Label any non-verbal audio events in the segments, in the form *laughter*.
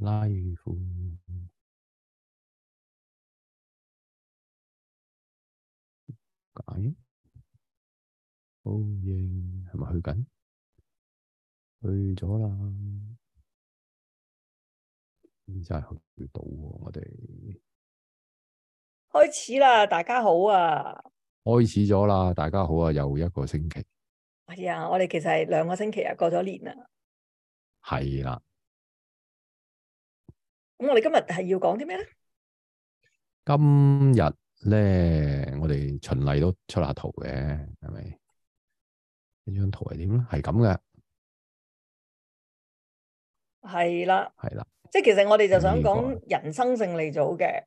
拉夫，解，呼應係咪去緊？去咗啦，真係去到，我哋開始啦！大家好啊，開始咗啦！大家好啊，又一個星期。係啊、哎，我哋其實係兩個星期啊，過咗年啦。係啦。咁我哋今日係要講啲咩咧？今日咧，我哋循例都出下圖嘅，係咪？呢張圖係點咧？係咁嘅，係啦，係啦。即係其實我哋就想講人生勝利組嘅，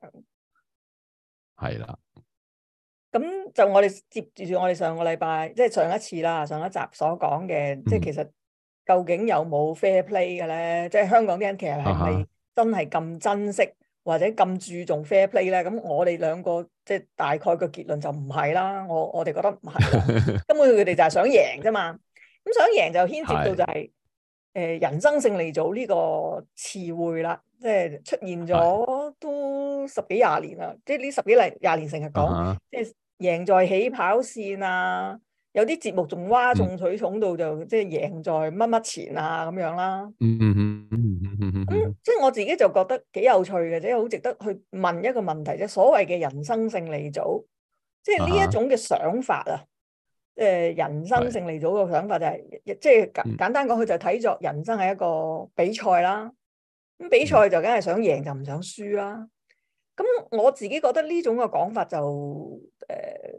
係啦。咁就我哋接住住我哋上個禮拜，即係上一次啦，上一集所講嘅，即係其實究竟有冇 fair play 嘅咧？即係香港啲人其實係咪？真係咁珍惜或者咁注重 fair play 咧？咁我哋兩個即係大概個結論就唔係啦。我我哋覺得唔係， *laughs* 根本佢哋就係想贏啫嘛。咁想贏就牽涉到就係、是、誒是、呃、人生勝利組呢個詞彙啦，即係出現咗都十幾廿年啦。是即係呢十幾嚟廿年成日講，uh huh. 即係贏在起跑線啊。有啲節目仲嘩眾取寵到、mm. 就即係贏在乜乜前啊咁樣啦。嗯嗯、mm。Hmm. 即係我自己就覺得幾有趣嘅，即係好值得去問一個問題啫。所謂嘅人生勝利組，即係呢一種嘅想法啊。誒、uh huh. 呃，人生勝利組嘅想法就係、是，即係簡簡單講，佢就睇、是、作人生係一個比賽啦。咁、mm hmm. 比賽就梗係想贏就唔想輸啦、啊。咁我自己覺得呢種嘅講法就誒、呃，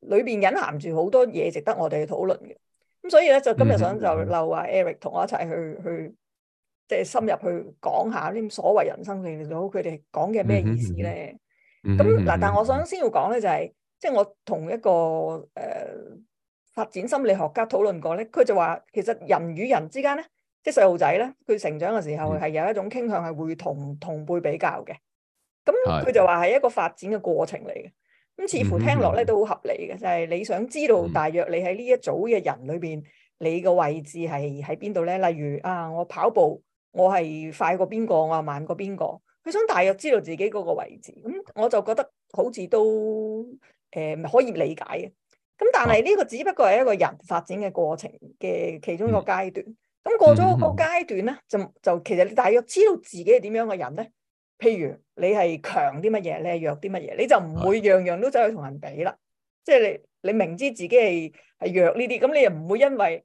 裏邊隱含住好多嘢，值得我哋去討論嘅。咁所以咧，就今日想就留話 Eric 同我一齊去去。Mm hmm. 去去即係深入去講下啲所謂人生嚟到，佢哋講嘅咩意思咧？咁嗱、mm hmm. mm hmm.，但係我想先要講咧，就係即係我同一個誒、呃、發展心理學家討論過咧，佢就話其實人與人之間咧，即係細路仔咧，佢成長嘅時候係有一種傾向係會同同輩比較嘅。咁佢就話係一個發展嘅過程嚟嘅。咁、mm hmm. 似乎聽落咧都好合理嘅，就係、是、你想知道大約你喺呢一組嘅人裏邊，mm hmm. 你個位置係喺邊度咧？例如啊，我跑步。我係快過邊個，我係慢過邊個。佢想大約知道自己嗰個位置，咁我就覺得好似都誒、呃、可以理解嘅。咁但係呢個只不過係一個人發展嘅過程嘅其中一個階段。咁、嗯、過咗個階段咧，嗯、就就其實你大約知道自己係點樣嘅人咧。譬如你係強啲乜嘢，你係弱啲乜嘢，你就唔會樣樣都走去同人比啦。即係的你你明知自己係係弱呢啲，咁你又唔會因為，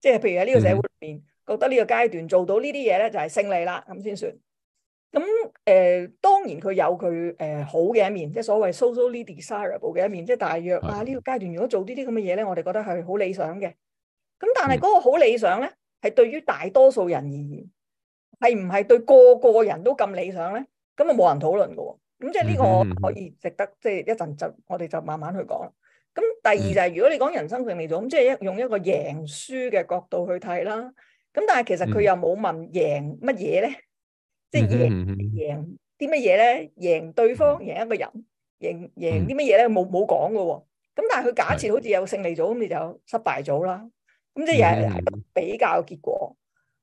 即係譬如喺呢個社會入邊，覺得呢個階段做到呢啲嘢咧，就係、是、勝利啦，咁先算。咁誒、呃，當然佢有佢誒、呃、好嘅一面，即係所謂 socially desirable 嘅一面，即係大約啊呢、這個階段如果做呢啲咁嘅嘢咧，我哋覺得係好理想嘅。咁但係嗰個好理想咧，係對於大多數人而言，係唔係對個個人都咁理想咧？咁啊冇人討論嘅。咁即係呢個可以值得，即係一陣就我哋就慢慢去講。咁第二就係如果你講人生勝利組，咁即係一用一個贏輸嘅角度去睇啦。咁但係其實佢又冇問贏乜嘢咧，即係贏贏啲乜嘢咧？贏對方，贏一個人，贏贏啲乜嘢咧？冇冇講㗎喎。咁但係佢假設好似有勝利組，咁你就失敗組啦。咁即係又係比較結果。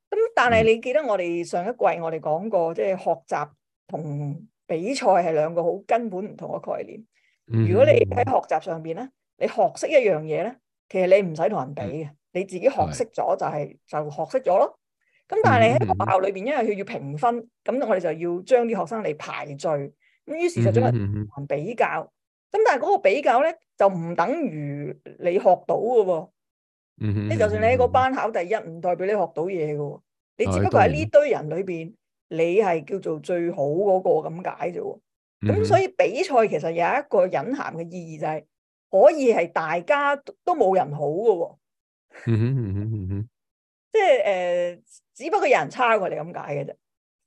咁但係你記得我哋上一季我哋講過，即係學習同比賽係兩個好根本唔同嘅概念。如果你喺學習上邊咧，嗯你學識一樣嘢咧，其實你唔使同人比嘅，你自己學識咗就係、是、是就學識咗咯。咁但係你喺學校裏邊，嗯、因為佢要評分，咁、嗯、我哋就要將啲學生嚟排序。咁於是就將人比較。咁、嗯嗯、但係嗰個比較咧，就唔等於你學到嘅喎。即、嗯嗯嗯、就算你喺個班考第一，唔代表你學到嘢嘅。你只不過喺呢堆人裏邊，你係叫做最好嗰個咁解啫。咁、嗯嗯嗯嗯、所以比賽其實有一個隱含嘅意義就係、是。可以係大家都冇人好嘅、哦， *laughs* *laughs* 即係誒、呃，只不過有人差過佢哋咁解嘅啫。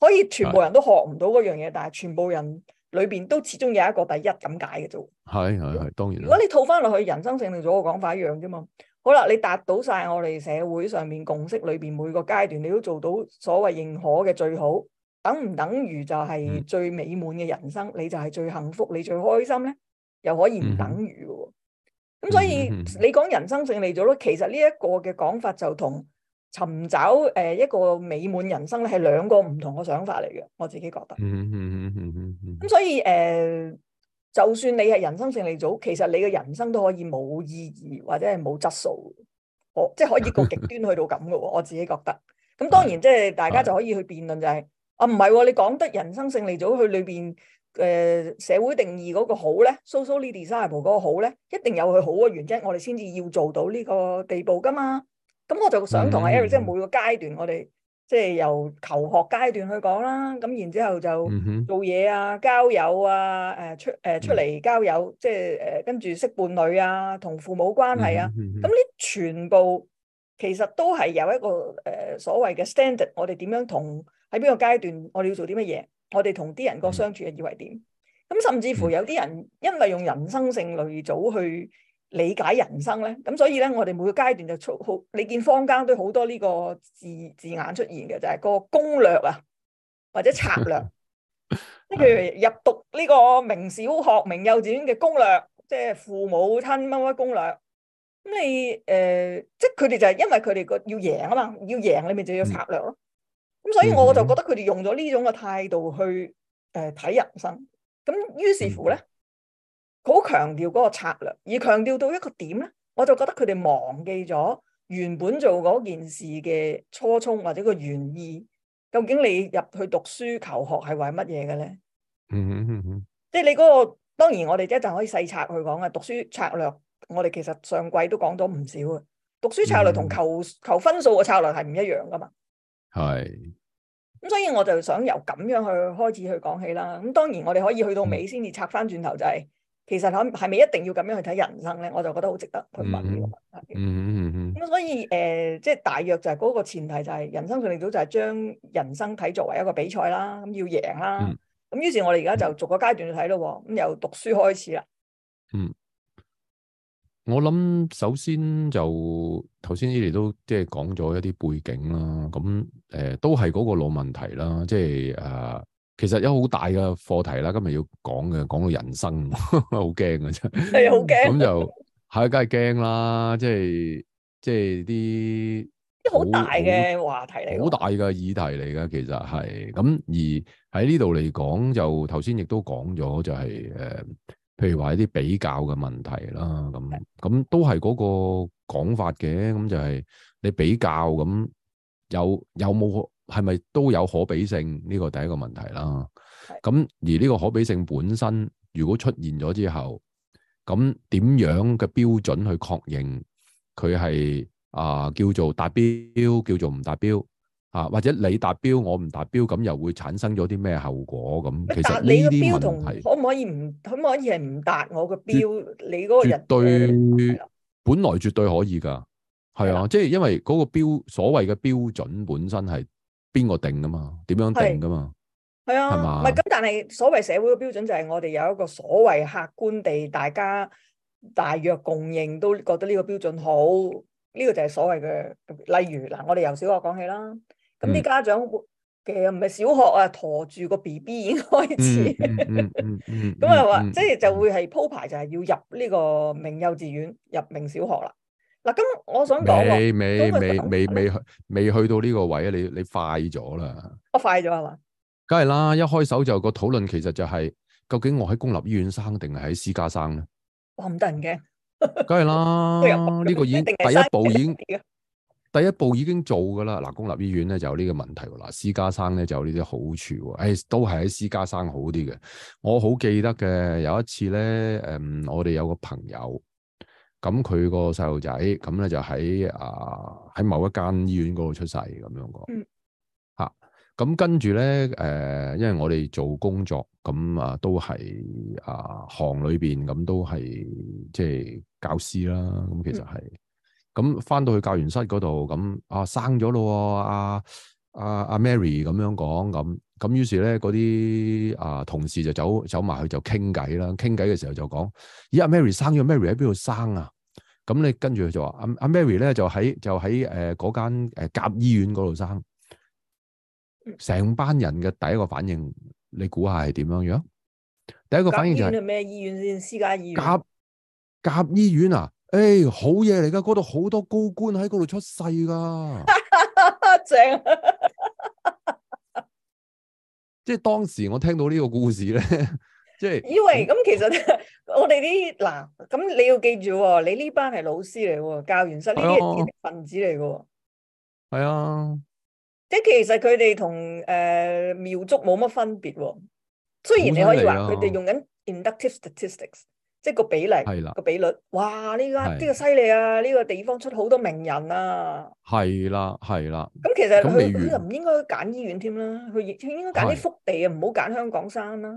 可以全部人都學唔到嗰樣嘢，的但係全部人裏邊都始終有一個第一咁解嘅啫。係係係，當然。如果你套翻落去人生勝利組嘅講法一樣啫嘛。好啦，你達到晒我哋社會上面共識裏邊每個階段，你都做到所謂認可嘅最好，等唔等於就係最美滿嘅人生？嗯、你就係最幸福、你最開心咧？又可以唔等於嘅喎，咁、嗯、所以 *laughs* 你講人生勝利組咯，其實呢一個嘅講法就同尋找誒、呃、一個美滿人生咧係兩個唔同嘅想法嚟嘅，我自己覺得。嗯嗯嗯嗯嗯。咁所以誒、呃，就算你係人生勝利組，其實你嘅人生都可以冇意義或者係冇質素，我即係可以個極端去到咁嘅， *laughs* 我自己覺得。咁當然即係、就是、大家就可以去辯論就係、是， *laughs* 啊唔係、啊，你講得人生勝利組佢裏邊。誒社會定義嗰個好咧，socially desirable 嗰個好咧，一定有佢好嘅原則，我哋先至要做到呢個地步噶嘛。咁我就想同阿 Eric 即係、mm hmm. 每個階段我，我哋即係由求學階段去講啦。咁然之後就做嘢啊，交友啊，誒、呃、出誒、呃、出嚟交友，mm hmm. 即係誒跟住識伴侶啊，同父母關係啊，咁呢、mm hmm. 全部其實都係有一個誒、呃、所謂嘅 standard，我哋點樣同喺邊個階段，我哋要做啲乜嘢？我哋同啲人個相處嘅以為點？咁甚至乎有啲人因為用人生勝利組去理解人生咧，咁所以咧，我哋每個階段就出好，你見坊間都好多呢個字字眼出現嘅，就係個攻略啊，或者策略， *laughs* 即譬如入讀呢個名小學、名幼稚園嘅攻略，即係父母親乜乜攻略。咁你誒、呃，即係佢哋就係因為佢哋個要贏啊嘛，要贏你咪就要策略咯。 *laughs* 咁、嗯、所以我就覺得佢哋用咗呢種嘅態度去誒睇、呃、人生，咁於是乎咧，好強調嗰個策略，而強調到一個點咧，我就覺得佢哋忘記咗原本做嗰件事嘅初衷或者個原意。究竟你入去讀書求學係為乜嘢嘅咧？嗯嗯嗯嗯，即、嗯、係你嗰、嗰個當然，我哋一陣可以細拆去講啊。讀書策略，我哋其實上季都講咗唔少啊。讀書策略同求求分數嘅策略係唔一樣噶嘛？嗯嗯嗯嗯嗯嗯係，咁是所以我就想由咁樣去開始去講起啦。咁當然我哋可以去到尾先至拆翻轉頭、就是，就係、嗯、其實係係咪一定要咁樣去睇人生咧？我就覺得好值得去問呢個問題。嗯嗯嗯咁、嗯、所以誒，即、呃、係、就是、大約就係嗰個前提就係人生勝利組就係將人生睇作為一個比賽啦，咁要贏啦。咁於、嗯、是我哋而家就逐個階段去睇咯。咁、嗯嗯、由讀書開始啦。嗯。我諗首先就頭先呢啲都即係講咗一啲背景啦，咁誒、呃、都係嗰個老問題啦，即係誒、呃、其實有好大嘅課題啦，今日要講嘅講到人生，好驚啊真係，好驚咁就係梗係驚啦，即係即係啲啲好大嘅話題嚟，好大嘅議題嚟噶，其實係咁而喺呢度嚟講就頭先亦都講咗就係、是、誒。呃譬如話一啲比較嘅問題啦，咁咁都係嗰個講法嘅，咁就係你比較咁有有冇係咪都有可比性呢，個第一個問題啦。咁而呢個可比性本身如果出現咗之後，咁點樣嘅標準去確認佢係啊叫做達標，叫做唔達標？啊，或者你達標，我唔達標，咁又會產生咗啲咩後果？咁其實呢啲問題可唔可以唔可唔可以係唔達我個標？絕你嗰個人對的本來絕對可以噶，係啊，的即係因為嗰個標所謂嘅標準本身係邊個定噶嘛？點樣定噶嘛？係啊，係嘛？唔係咁，但係所謂社會嘅標準就係我哋有一個所謂客觀地大家大約共認都覺得呢個標準好，呢個就係所謂嘅，例如嗱，我哋由小學講起啦。咁啲家長其實唔係小學啊，陀住個 B B 已經開始，咁又話即係就會係鋪排就係要入呢個名幼稚園，入名小學啦。嗱，咁我想講，未未未未未未去到呢個位啊！你你快咗啦，我快咗啊嘛，梗係啦，一開手就有個討論其實就係究竟我喺公立醫院生定係喺私家生咧，我唔得人驚，梗係啦，呢個已經第一步已經。第一步已經做㗎啦，嗱，公立醫院咧就有呢個問題喎，嗱，私家生咧就有呢啲好處喎、哎，都係喺私家生好啲嘅。我好記得嘅有一次咧，誒、嗯，我哋有個朋友，咁佢個細路仔，咁咧就喺啊喺某一間醫院嗰度出世咁樣講，嗯、啊，咁跟住咧，誒、呃，因為我哋做工作，咁啊，都係啊行裏面，咁都係即係教師啦，咁其實係。嗯咁返到去教員室嗰度，咁啊生咗咯、啊，阿阿阿 Mary 咁樣講，咁咁於是咧嗰啲啊同事就走走埋去就傾偈啦，傾偈嘅時候就講，咦阿、啊、Mary 生咗、啊、Mary 喺邊度生啊？咁你跟住佢就話阿阿 Mary 咧就喺就喺誒嗰間誒甲醫院嗰度生，成班人嘅第一個反應，你估下係點樣樣？第一個反應係、就、咩、是、醫院先？私家醫院。甲甲醫院啊？誒、哎，好嘢嚟噶！嗰度好多高官喺嗰度出世噶， *laughs* 正。 *laughs* 即係當時我聽到呢個故事咧，即係以為咁，嗯、其實、嗯、 *laughs* 我哋啲嗱咁，你要記住，你呢班係老師嚟嘅，教員室呢啲、啊、分子嚟嘅。係啊，即係其實佢哋同誒廟祝冇乜分別，雖然你可以話佢哋用緊 inductive statistics、啊。即係個比例，個比率，哇！呢個呢個犀利啊，呢個地方出好多名人啊。係啦，係啦。咁其實佢啲人唔應該揀醫院添啦，佢應應該揀啲福地啊，唔好揀香港山啦。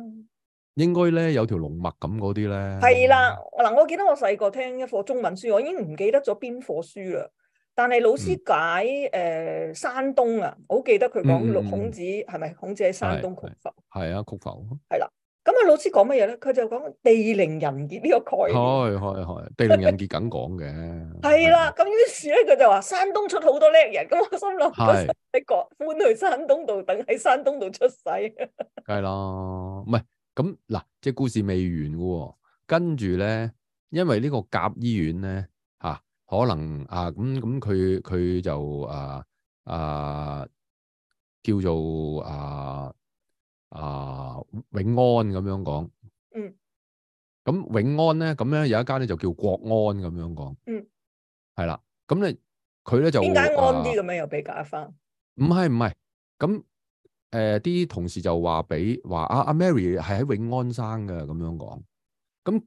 應該咧有條龍脈咁嗰啲咧。係啦，嗱，我記得我細個聽一課中文書，我已經唔記得咗邊課書啦。但係老師解誒山東啊，我記得佢講孔子係咪孔子喺山東曲阜？係啊，曲阜。係啦。咁啊，老師講乜嘢咧？佢就講地靈人傑呢個概念。開開開，地靈人傑梗講嘅。係啦 *laughs* 的，咁於是咧的，佢就話山東出好多叻人，咁的我心諗喺國搬去山東度，等喺山東度出世。係 *laughs* 咯，唔係咁嗱，即係、啊、故事未完噶。跟住咧，因為呢個甲醫院咧，吓、啊、可能啊咁咁，佢佢就啊啊叫做啊。啊，永安咁樣講，嗯，咁永安咧，咁咧有一間咧就叫國安咁樣講，嗯，係啦，咁咧佢咧就安安點解安啲咁樣又俾假翻？唔係唔係，咁誒，啲、呃、同事就話俾話阿阿 Mary 係喺永安生嘅，咁樣講，咁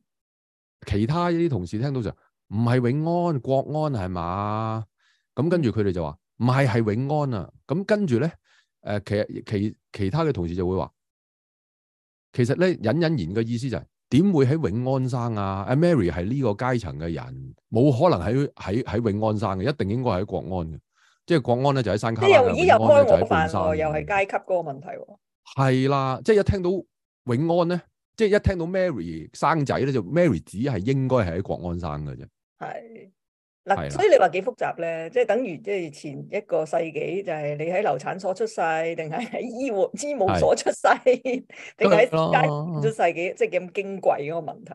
其他啲同事聽到就唔係永安國安係嘛，咁跟住佢哋就話唔係係永安啊，咁跟住咧誒，其其其，其他嘅同事就會話。其實咧隱隱然嘅意思就係、是、點會喺永安生啊？阿、啊、Mary 係呢個階層嘅人，冇可能喺喺喺永安生嘅，一定應該喺國安嘅。即係國安咧就喺山卡。即係又依又開我飯喎，又係階級嗰個問題，啊。係啦，即係一聽到永安咧，即係一聽到 Mary 生仔咧，就 Mary 只係應該係喺國安生嘅啫。係。嗱，所以你話幾複雜咧，即係等於即係前一個世紀，就係你喺流產所出世，定係喺醫護、醫務所出的世出，定係喺街出世嘅，即係咁矜貴嗰個問題。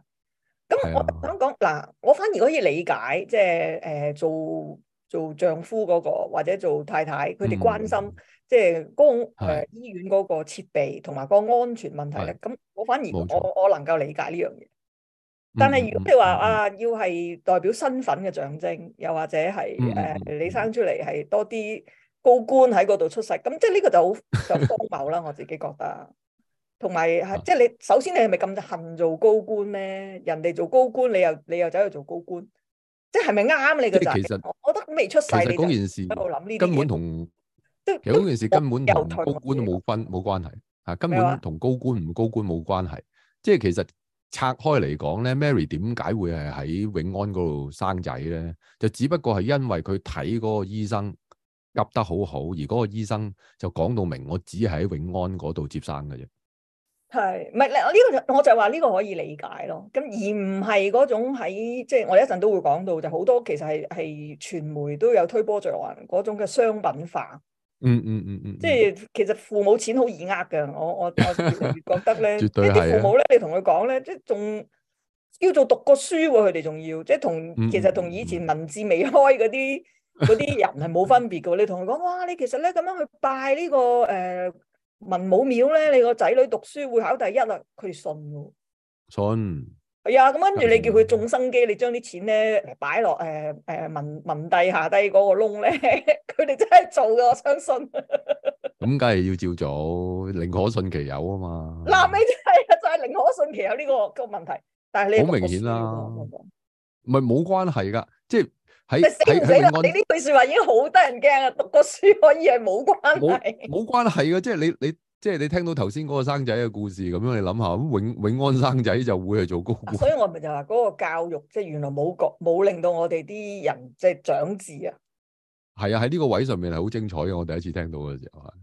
咁我想講嗱的，我反而可以理解，即係誒、呃、做做丈夫嗰、那個或者做太太，佢哋關心、嗯、即係公誒的、呃、醫院嗰個設備同埋個安全問題咧。咁的我反而我錯我能夠理解呢樣嘢。但係如果你話啊要係代表身份嘅象徵，又或者係誒你生出嚟係多啲高官喺嗰度出世，咁即係呢個就好就荒謬啦。我自己覺得，同埋係即係你首先你係咪咁恨做高官咧？人哋做高官，你又你又走去做高官，即係咪啱你嘅？即係其實我覺得未出世。其實件事根本同其實嗰件事根本同高官冇分，冇關係啊，根本同高官唔高官冇關係。即係其實。拆開嚟講咧，Mary 點解會係喺永安嗰度生仔咧？就只不過係因為佢睇嗰個醫生夾得好好，而嗰個醫生就講到明我、這個，我只係喺永安嗰度接生嘅啫。係，唔係呢個我就話呢個可以理解咯。咁而唔係嗰種喺即係我一陣都會講到，就好多其實係係傳媒都有推波助瀾嗰種嘅商品化。嗯嗯嗯嗯，嗯嗯即係其實父母錢好易呃嘅，我我越嚟越覺得咧 *laughs* 是，即係啲父母咧，你同佢講咧，即係仲要做讀個書喎、啊，佢哋仲要，即係同其實同以前文字未開嗰啲嗰啲人係冇分別嘅，你同佢講哇，你其實咧咁樣去拜呢、這個誒、呃、文武廟咧，你個仔女讀書會考第一啦、啊，佢信喎，信、嗯。係啊，咁跟住你叫佢種生機，你將啲錢咧擺落誒誒文文帝下低嗰個窿咧，佢哋真係做嘅，我相信。咁梗係要照做，寧可信其有啊嘛。嗱、啊，你係就係、係、寧可信其有呢、這個、這個問題，但係你好明顯啦，唔係冇關係噶，即係喺喺我你呢句說話已經好得人驚啊！讀個書可以係冇關係，冇關係噶，即係你你。你即係你聽到頭先嗰個生仔嘅故事咁樣，你諗下永永安生仔就會去做公務員，所以我咪就話嗰個教育即係原來冇覺冇令到我哋啲人即係長智啊。係啊，喺呢個位上面係好精彩嘅，我第一次聽到嘅時候啊。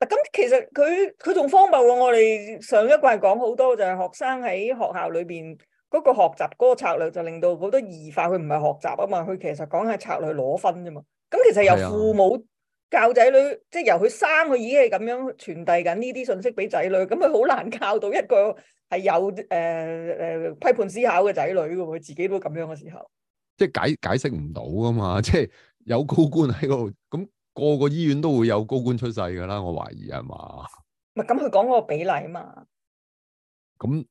嗱，咁其實佢佢仲荒謬過，我哋上一季講好多就係學生喺學校裏邊嗰個學習嗰個策略就令到好多異化，佢唔係學習啊嘛，佢其實講係策略攞分啫嘛。咁其實由父母。教仔女，即係由佢生，佢已經係咁樣傳遞緊呢啲信息俾仔女，咁佢好難教到一個係有誒誒、呃、批判思考嘅仔女喎，佢自己都咁樣嘅時候，即係解解釋唔到噶嘛，即係有高官喺度，咁、那個個醫院都會有高官出世噶啦，我懷疑係嘛？唔係咁，佢講嗰個比例嘛？咁。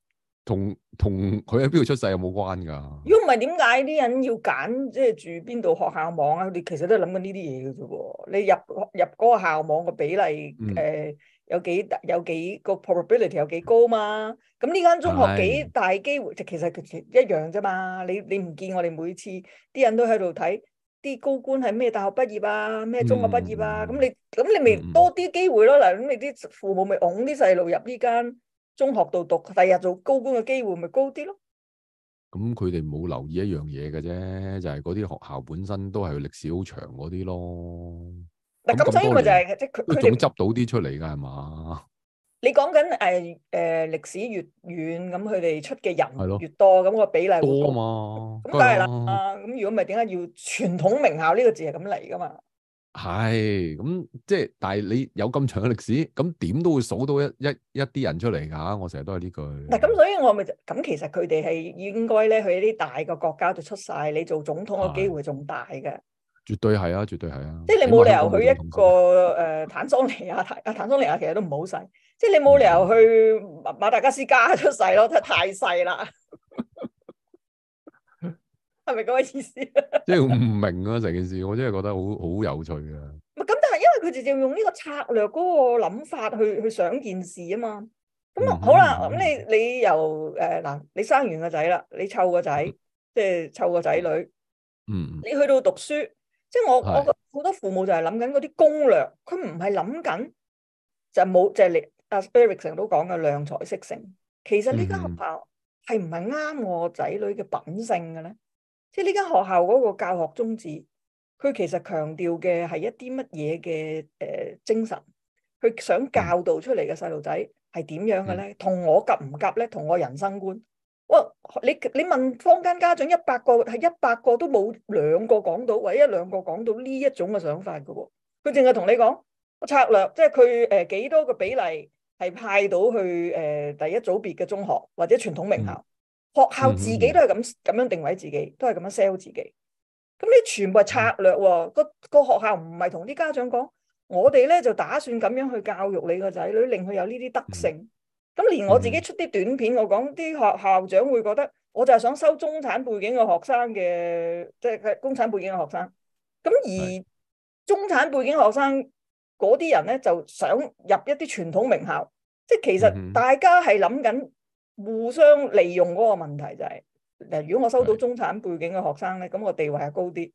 同同佢喺邊度出世有冇關噶？如果唔係，點解啲人要揀即係住邊度學校網啊？佢哋其實都係諗緊呢啲嘢嘅啫噃。你入入嗰個校網嘅比例，誒、嗯呃、有幾有幾個 probability 有幾高嘛？咁呢間中學幾大機會，即、哎、其實其一樣啫嘛。你你唔見我哋每次啲人都喺度睇啲高官係咩大學畢業啊，咩中學畢業啊？咁、嗯嗯、你咁你咪多啲機會咯。嗱、嗯，咁你啲父母咪拱啲細路入呢間。中學到讀第日做高官嘅機會咪高啲咯？咁佢哋冇留意一樣嘢嘅啫，就係嗰啲學校本身都係歷史好長嗰啲咯。嗱，咁所以咪就係即係佢佢仲執到啲出嚟噶係嘛？你講緊誒誒歷史越遠，咁佢哋出嘅人係咯越多，咁個比例高啊嘛。咁梗係啦，咁如果咪點解要傳統名校呢個字係咁嚟噶嘛？係，咁即係，但係你有咁長嘅歷史，咁點都會數到一一一啲人出嚟噶。我成日都係呢句。嗱，咁所以我咪就咁，其實佢哋係應該咧去一啲大嘅國家度出世，你做總統嘅機會仲大嘅。絕對係啊，絕對係啊。即係你冇理由去一個誒坦桑尼亞，坦坦桑尼亞其實都唔好細。即係你冇理由去馬馬達加斯加出世咯，太細啦。係咪咁嘅意思？即係唔明啊成件事，我真係覺得好好有趣啊！唔咁，但係因為佢直接用呢個策略嗰個諗法去去想件事啊嘛。咁啊好啦，咁你你由誒嗱，你生完個仔啦，你湊個仔，即係湊個仔女。嗯嗯。你去到讀書，即係我我好多父母就係諗緊嗰啲攻略，佢唔係諗緊就冇就係你阿 Asperics 成都講嘅量才適性。其實呢間學校係唔係啱我仔女嘅品性嘅咧？即係呢間學校嗰個教學宗旨，佢其實強調嘅係一啲乜嘢嘅誒精神，佢想教導出嚟嘅細路仔係點樣嘅咧？同我夾唔夾咧？同我人生觀，哇！你你問坊間家長一百個係一百個都冇兩個講到，或者一兩個講到呢一種嘅想法嘅喎、哦，佢淨係同你講個策略，即係佢誒幾多個比例係派到去誒、呃、第一組別嘅中學或者傳統名校。嗯。學校自己都係咁咁樣定位自己，mm hmm. 都係咁樣 sell 自己。咁呢全部係策略喎。個個學校唔係同啲家長講，我哋咧就打算咁樣去教育你個仔女，令佢有呢啲德性。咁連我自己出啲短片，我講啲學校長會覺得，我就係想收中產背景嘅學生嘅，即係佢中產背景嘅學生。咁而中產背景學生嗰啲人咧，就想入一啲傳統名校。即係其實大家係諗緊。互相利用嗰個問題就係，嗱，如果我收到中產背景嘅學生咧，咁的我地位係高啲。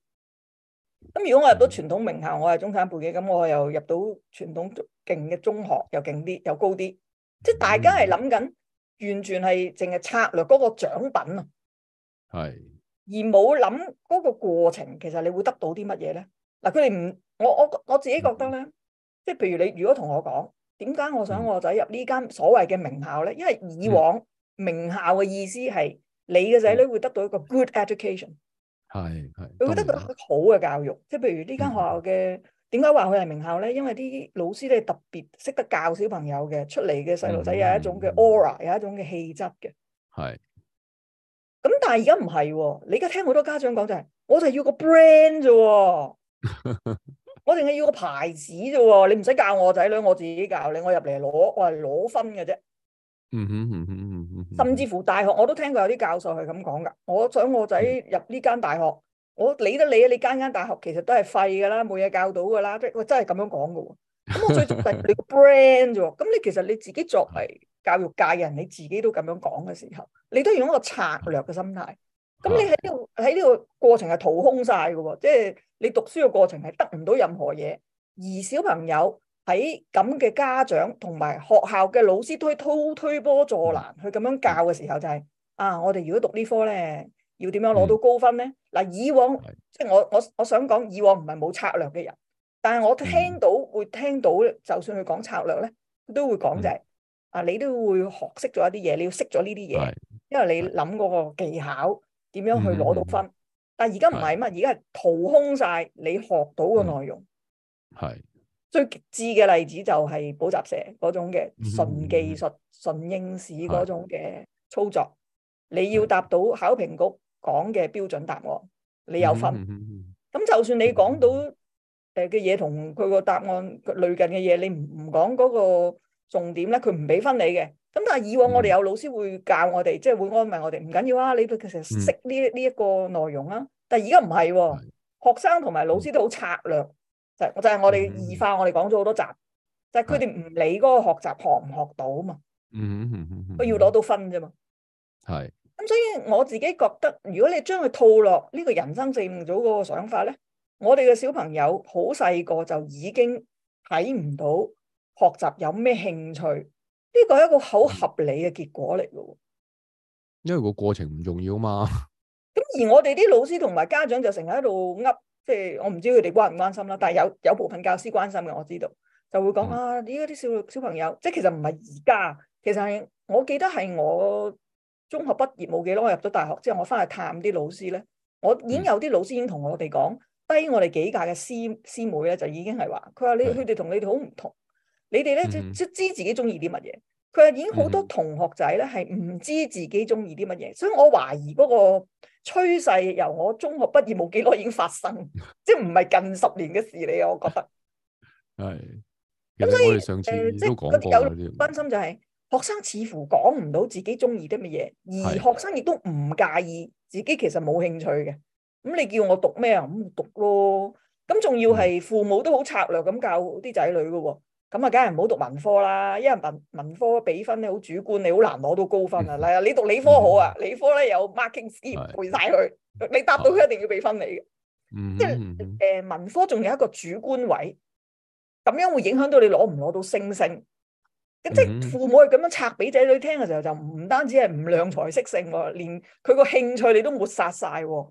咁如果我入到傳統名校，我係中產背景，咁我又入到傳統勁嘅中學，又勁啲，又高啲。即係大家係諗緊，完全係淨係策略嗰個獎品啊。係的。而冇諗嗰個過程，其實你會得到啲乜嘢咧？嗱，佢哋唔，我我我自己覺得咧，即係譬如你如果同我講，點解我想我仔入呢間所謂嘅名校咧？因為以往。名校嘅意思係你嘅仔女會得到一個 good education，係係，佢會得到好嘅教育，即係譬如呢間學校嘅點解話佢係名校咧？因為啲老師咧特別識得教小朋友嘅，出嚟嘅細路仔有一種嘅 aura、嗯、有一種嘅氣質嘅。係。咁是但係而家唔係，你而家聽好多家長講就係，我就係要個 brand 啫、啊， *laughs* 我淨係要個牌子啫、啊，你唔使教我仔女，我自己教你，我入嚟攞我係攞分嘅啫。嗯哼嗯哼嗯。甚至乎大學我都聽過有啲教授係咁講噶，我想我仔入呢間大學，我理得理啊！你間間大學其實都係廢噶啦，冇嘢教到噶啦，即係我真係咁樣講噶喎。咁我最中意你個 brand 啫喎。咁你其實你自己作為教育界人，你自己都咁樣講嘅時候，你都用一個策略嘅心態。咁你喺呢個喺呢個過程係掏空晒噶喎，即係你讀書嘅過程係得唔到任何嘢，而小朋友。喺咁嘅家長同埋學校嘅老師都去推推波助瀾，去咁樣教嘅時候就係、是、啊，我哋如果讀呢科咧，要點樣攞到高分咧？嗱，以往是即係我我我想講，以往唔係冇策略嘅人，但係我聽到是會聽到，就算佢講策略咧，都會講就係、是、是啊，你都會學識咗一啲嘢，你要識咗呢啲嘢，是因為你諗嗰個技巧點樣去攞到分。但係而家唔係啊嘛，而家係掏空晒你學到嘅內容。係是。是最極致嘅例子就係補習社嗰種嘅純技術、純應試嗰種嘅操作，嗯、哼你要答到考評局講嘅標準答案，你有份。咁、嗯、哼就算你講到誒嘅嘢同佢個答案類近嘅嘢，你唔唔講嗰個重點咧，佢唔俾分你嘅。咁但係以往我哋有老師會教我哋，即係、嗯、哼會安慰我哋，唔緊要啊，你其實識呢呢一個內容啊。但係而家唔係喎，學生同埋老師都好策略。就係我就係我哋異化，我哋講咗好多集，嗯、就係佢哋唔理嗰個學習學唔學到啊嘛，嗯嗯嗯，佢、嗯嗯嗯、要攞到分啫嘛，係是，咁所以我自己覺得，如果你將佢套落呢個人生勝利組嗰個想法咧，我哋嘅小朋友好細個就已經睇唔到學習有咩興趣，呢個係一個好合理嘅結果嚟嘅，因為個過程唔重要啊嘛，咁而我哋啲老師同埋家長就成日喺度噏。即係我唔知佢哋關唔關心啦，但係有有部分教師關心嘅，我知道，就會講、嗯、啊，而家啲小小朋友，即係其實唔係而家，其實係我記得係我中學畢業冇幾耐，我入咗大學之後，我翻去探啲老師咧，我已經有啲老師已經同我哋講，嗯、低我哋幾屆嘅師師妹咧就已經係話，佢話你佢哋同你哋好唔同，你哋咧即即知自己中意啲乜嘢。嗯佢話已經好多同學仔咧係唔知自己中意啲乜嘢，嗯、所以我懷疑嗰個趨勢由我中學畢業冇幾耐已經發生， *laughs* 即係唔係近十年嘅事嚟嘅。我覺得係咁，嗯、所以誒，即係、嗯呃就是、有啲關心就係學生似乎講唔到自己中意啲乜嘢，而學生亦都唔介意對自己其實冇興趣嘅。咁你叫我讀咩啊？咁讀咯。咁仲要係父母都好策略咁教啲仔女嘅喎。咁啊，梗係唔好讀文科啦，因為文文科俾分你好主觀，你好難攞到高分啊！嗱、嗯，你讀理科好啊，嗯、理科咧有 marking scheme 背晒，是佢，你答到佢一定要俾分你嘅。嗯嗯、即係誒，文科仲有一個主觀位，咁樣會影響到你攞唔攞到星星。咁即係父母係咁樣拆俾仔女聽嘅時候，就唔單止係唔量才識性，連佢個興趣你都抹殺晒。誒、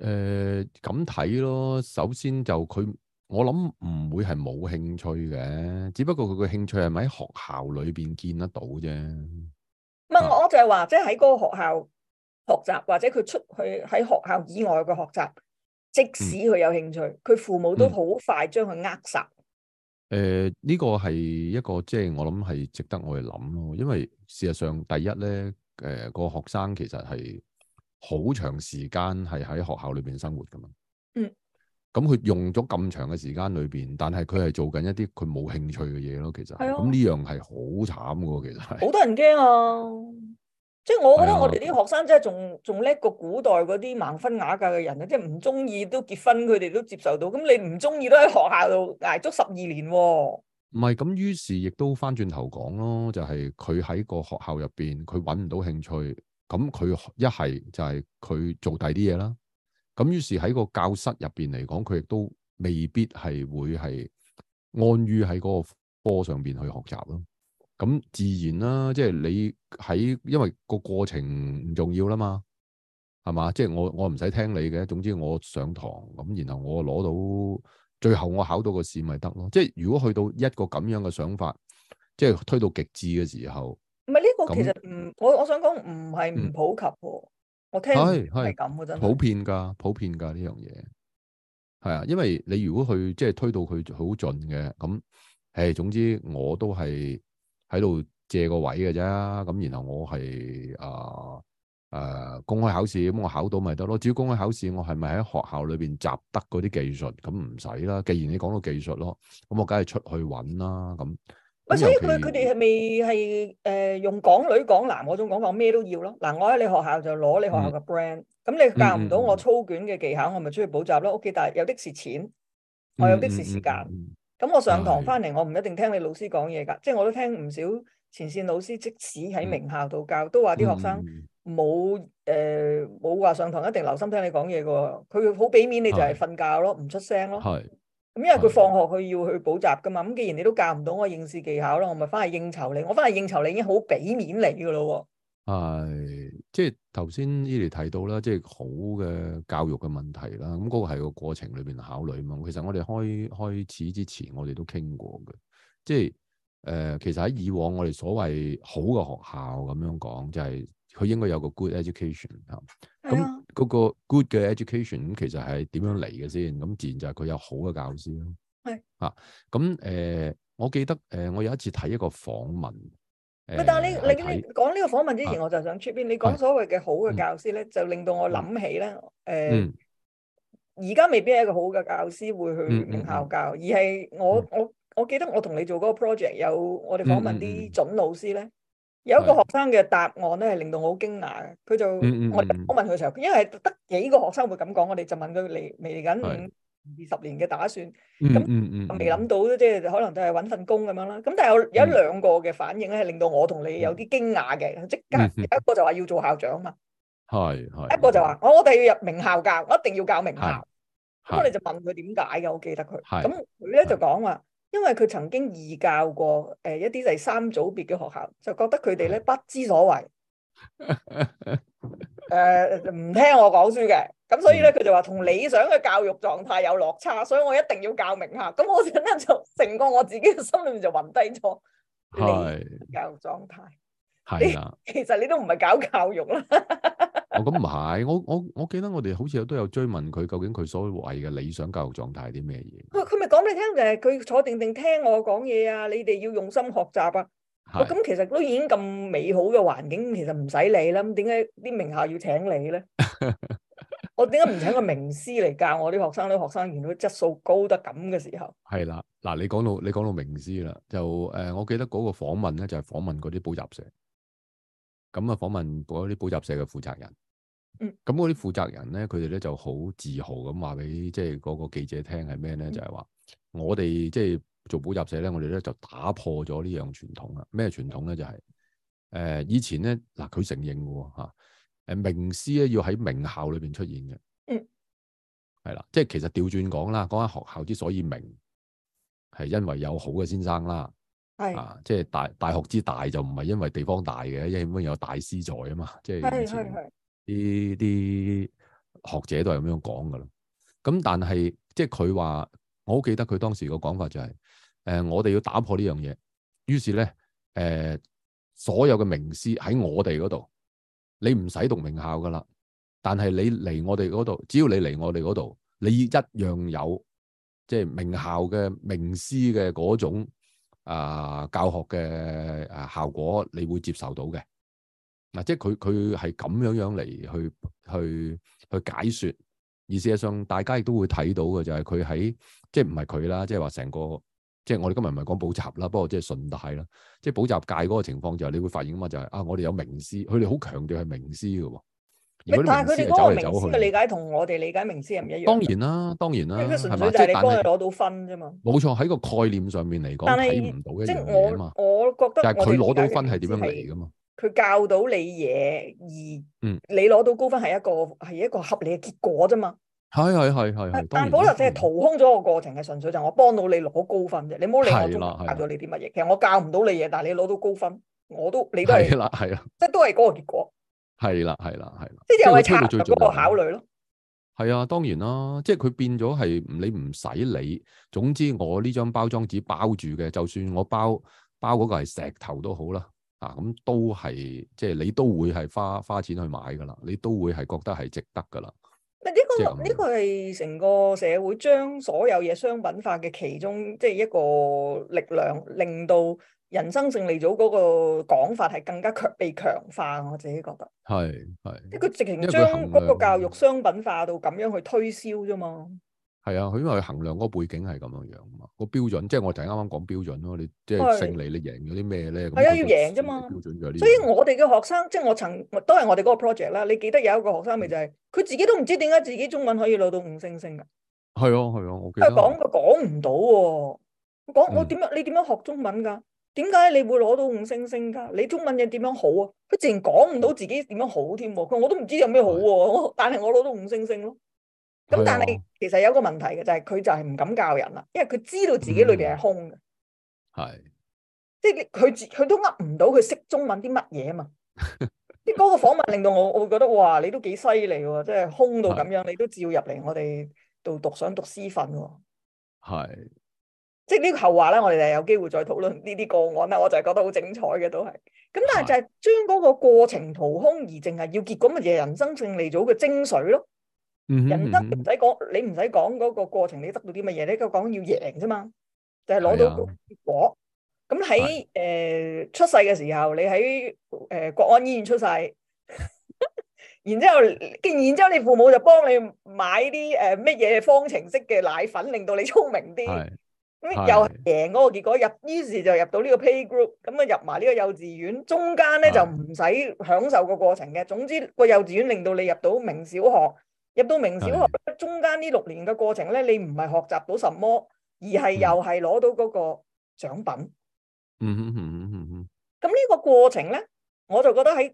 嗯，咁睇咯，首先就佢。我諗唔會係冇興趣嘅，只不過佢個興趣係咪喺學校裏邊見得到啫？唔係、嗯，我就係話，即係喺嗰個學校學習，或者佢出去喺學校以外嘅學習，即使佢有興趣，佢、嗯、父母都好快將佢扼殺。誒、嗯，呢、呃這個係一個即係、就是、我諗係值得我哋諗咯，因為事實上，第一咧，誒、呃那個學生其實係好長時間係喺學校裏邊生活噶嘛。嗯。咁佢用咗咁長嘅時間裏邊，但係佢係做緊一啲佢冇興趣嘅嘢咯，其實係啊。咁呢樣係好慘嘅，其實係。好多人驚啊！即係我、啊、我覺得我哋啲學生即係仲仲叻過古代嗰啲盲婚啞嫁嘅人啊！即係唔中意都結婚，佢哋都接受到。咁你唔中意都喺學校度挨足十二年，啊。唔係咁，於是亦都翻轉頭講咯，就係佢喺個學校入邊，佢搵唔到興趣，咁佢一係就係佢做第啲嘢啦。咁於是喺個教室入邊嚟講，佢亦都未必係會係安於喺嗰個課上邊去學習咯。咁自然啦、啊，即係你喺因為個過程唔重要啦嘛，係嘛？即係我我唔使聽你嘅，總之我上堂咁，然後我攞到最後我考到個試咪得咯。即係如果去到一個咁樣嘅想法，即係推到極致嘅時候，唔係呢個其實唔那，我我想講唔係唔普及。嗯係係咁嘅真普遍噶，普遍噶呢樣嘢係啊，因為你如果去即係推到佢好盡嘅，咁誒總之我都係喺度借個位嘅啫，咁然後我係啊誒公開考試咁我考到咪得咯，只要公開考試我係咪喺學校裏邊習得嗰啲技術咁唔使啦，既然你講到技術咯，咁我梗係出去揾啦咁。咪所以佢佢哋係未係誒用港女港男嗰種講法咩，都要咯嗱，我喺你學校就攞你學校嘅 brand，咁你教唔到我操卷嘅技巧，我咪出去補習咯。屋企，但係有的是錢，我有的是時間，咁我上堂翻嚟我唔一定聽你老師講嘢㗎，即係我都聽唔少前線老師，即使喺名校度教，都話啲學生冇誒冇話上堂一定留心聽你講嘢㗎，佢好俾面你就係瞓覺咯，唔出聲咯。因為佢放學佢要去補習噶嘛，咁既然你都教唔到我應試技巧咯，我咪翻去應酬你，我翻去應酬你已經好俾面你噶咯。係，即係頭先依黎提到啦，即係好嘅教育嘅問題啦。咁、那、嗰個係個過程裏邊考慮嘛。其實我哋開開始之前，我哋都傾過嘅。即係誒、呃，其實喺以往我哋所謂好嘅學校咁樣講，就係佢應該有個 good education 啊。嗰個 good 嘅 education 咁，其實係點樣嚟嘅先？咁自然就係佢有好嘅教師咯。係啊，咁誒，我記得誒，我有一次睇一個訪問。誒但係你，你講呢個訪問之前，我就想出邊。你講所謂嘅好嘅教師咧，就令到我諗起咧。誒，而家未必係一個好嘅教師會去名校教，而係我我我記得我同你做嗰個 project 有我哋訪問啲準老師咧。有一個學生嘅答案咧，係令到我好驚訝嘅。佢就我我問佢嘅時候，因為得幾個學生會咁講，我哋就問佢嚟未嚟緊五二十年嘅打算。咁未諗到，即係可能就係搵份工咁樣啦。咁但係有有一兩個嘅反應咧，係令到我同你有啲驚訝嘅。即刻一個就話要做校長啊嘛，係，係一個就話我我哋要入名校教，我一定要教名校。我哋就問佢點解嘅，我記得佢。咁佢咧就講話。因為佢曾經義教過誒、呃、一啲係三組別嘅學校，就覺得佢哋咧不知所謂，誒唔、 *laughs* 呃、聽我講書嘅，咁所以咧佢就話同理想嘅教育狀態有落差，所以我一定要教明下。咁我陣間就成個我自己嘅心裏面就暈低咗。係教育狀態係的其實你都唔係搞教育啦。 *laughs* 咁唔係，我我 *laughs* *laughs* *laughs* 我記得我哋好似都有追問佢，究竟佢所謂嘅理想教育狀態係啲咩嘢？佢咪講俾你聽，誒，佢坐定定聽我講嘢啊！你哋要用心學習啊！咁其實都已經咁美好嘅環境，其實唔使理啦。咁點解啲名校要請你咧？我點解唔請個名師嚟教我啲學生？啲學生原來質素高得咁嘅時候，係啦，嗱，你講到你講到名師啦，就誒、呃，我記得嗰個訪問咧，就係、是、訪問嗰啲補習社，咁啊，訪問嗰啲補習社嘅負責人。咁嗰啲負責人咧，佢哋咧就好自豪咁話俾即係嗰個記者聽係咩咧？就係話我哋即係做補習社咧，我哋咧就打破咗呢樣傳統啊！咩傳統咧？就係誒，以前咧嗱，佢承認嘅吓，誒，名師咧要喺名校裏邊出現嘅。嗯，係啦，即係其實調轉講啦，間學校之所以名，係因為有好嘅先生啦。係啊，即係大大學之大就唔係因為地方大嘅，因為有大師在啊嘛，即係。係係係。呢啲學者都係咁樣講噶啦，咁但係即係佢話，我好記得佢當時個講法就係、是，誒、呃，我哋要打破呢樣嘢，於是咧，誒，所有嘅名師喺我哋嗰度，你唔使讀名校噶啦，但係你嚟我哋嗰度，只要你嚟我哋嗰度，你一樣有即係、就是、名校嘅名師嘅嗰種啊、呃、教學嘅誒、呃、效果，你會接受到嘅。嗱，即係佢佢係咁樣樣嚟去去去解說，而事實上大家亦都會睇到嘅就係佢喺即係唔係佢啦，即係話成個即係我哋今日唔係講補習啦，不過即係順帶啦，即係補習界嗰個情況就你會發現、就是、啊嘛，就係啊我哋有名師，佢哋好強調係名師嘅喎。走嚟走去但係佢哋嗰個名師嘅理解同我哋理解名師又唔一樣當。當然啦，當然啦，純粹就係你幫佢攞到分啫嘛。冇錯，喺個概念上面嚟講，睇唔是到一樣嘢啊嘛我。我覺得我就係佢攞到分係點樣嚟噶嘛。佢教到你嘢，而你攞到高分係一個係一個合理嘅結果啫嘛。係係係係，但可能即係掏空咗個過程，係純粹就係我幫到你攞高分啫。你唔好理我教咗你啲乜嘢。其實我教唔到你嘢，但係你攞到高分，我都你都係啦，係啦，即係都係嗰個結果。係啦係啦係啦，即係又係差嗰個考慮咯。係啊，當然啦，即係佢變咗係你唔使理。總之我呢張包裝紙包住嘅，就算我包包嗰個係石頭都好啦。啊，咁、嗯、都係，即係你都會係花花錢去買噶啦，你都會係覺得係值得噶啦。咪呢、這個呢個係成個社會將所有嘢商品化嘅其中，即、就、係、是、一個力量，令到人生勝利組嗰個講法係更加強被強、強化。我自己覺得係係，佢直情將嗰個教育商品化到咁樣去推銷啫嘛。係啊，佢因為衡量嗰個背景係咁樣樣嘛，個標準即係我就係啱啱講標準咯，你即係勝利是你贏咗啲咩咧？係啊，要贏啫嘛。準所以我哋嘅學生，即係我曾都係我哋嗰個 project 啦。你記得有一個學生咪就係、是，佢、嗯、自己都唔知點解自己中文可以攞到五星星噶。係啊，係啊，我記得佢講唔到喎、啊，講、嗯、我點樣？你點樣學中文噶？點解你會攞到五星星噶？你中文又點樣好啊？佢自然講唔到自己點樣好添？佢話我都唔知有咩好啊，好啊的但係我攞到五星星咯。咁、嗯、但係其實有個問題嘅就係、是、佢就係唔敢教人啦，因為佢知道自己裏邊係空嘅，係、嗯、即係佢自佢都呃唔到佢識中文啲乜嘢啊嘛！啲嗰 *laughs* 個訪問令到我我覺得哇，你都幾犀利喎！即係空到咁樣，是你都照入嚟我哋度讀想讀詩訓喎，是即係呢個後話咧，我哋就有機會再討論呢啲個案啦。我就係覺得好精彩嘅都係，咁但係就係將嗰個過程掏空而淨係要結果，乜嘢，人生勝利組嘅精髓咯。人得唔使講，你唔使講嗰個過程，你得到啲乜嘢？你講要贏啫嘛，就係攞到結果。咁喺誒出世嘅時候，你喺誒國安醫院出世，然之後，然然之後，你父母就幫你買啲誒乜嘢方程式嘅奶粉，令到你聰明啲。咁又贏嗰個結果入，於是就入到呢個 play group，咁啊入埋呢個幼稚園。中間咧就唔使享受個過程嘅，總之個幼稚園令到你入到名小學。入到名小學的中間呢六年嘅過程咧，你唔係學習到什麼，而係又係攞到嗰個獎品。嗯嗯嗯嗯嗯。咁呢個過程咧，我就覺得喺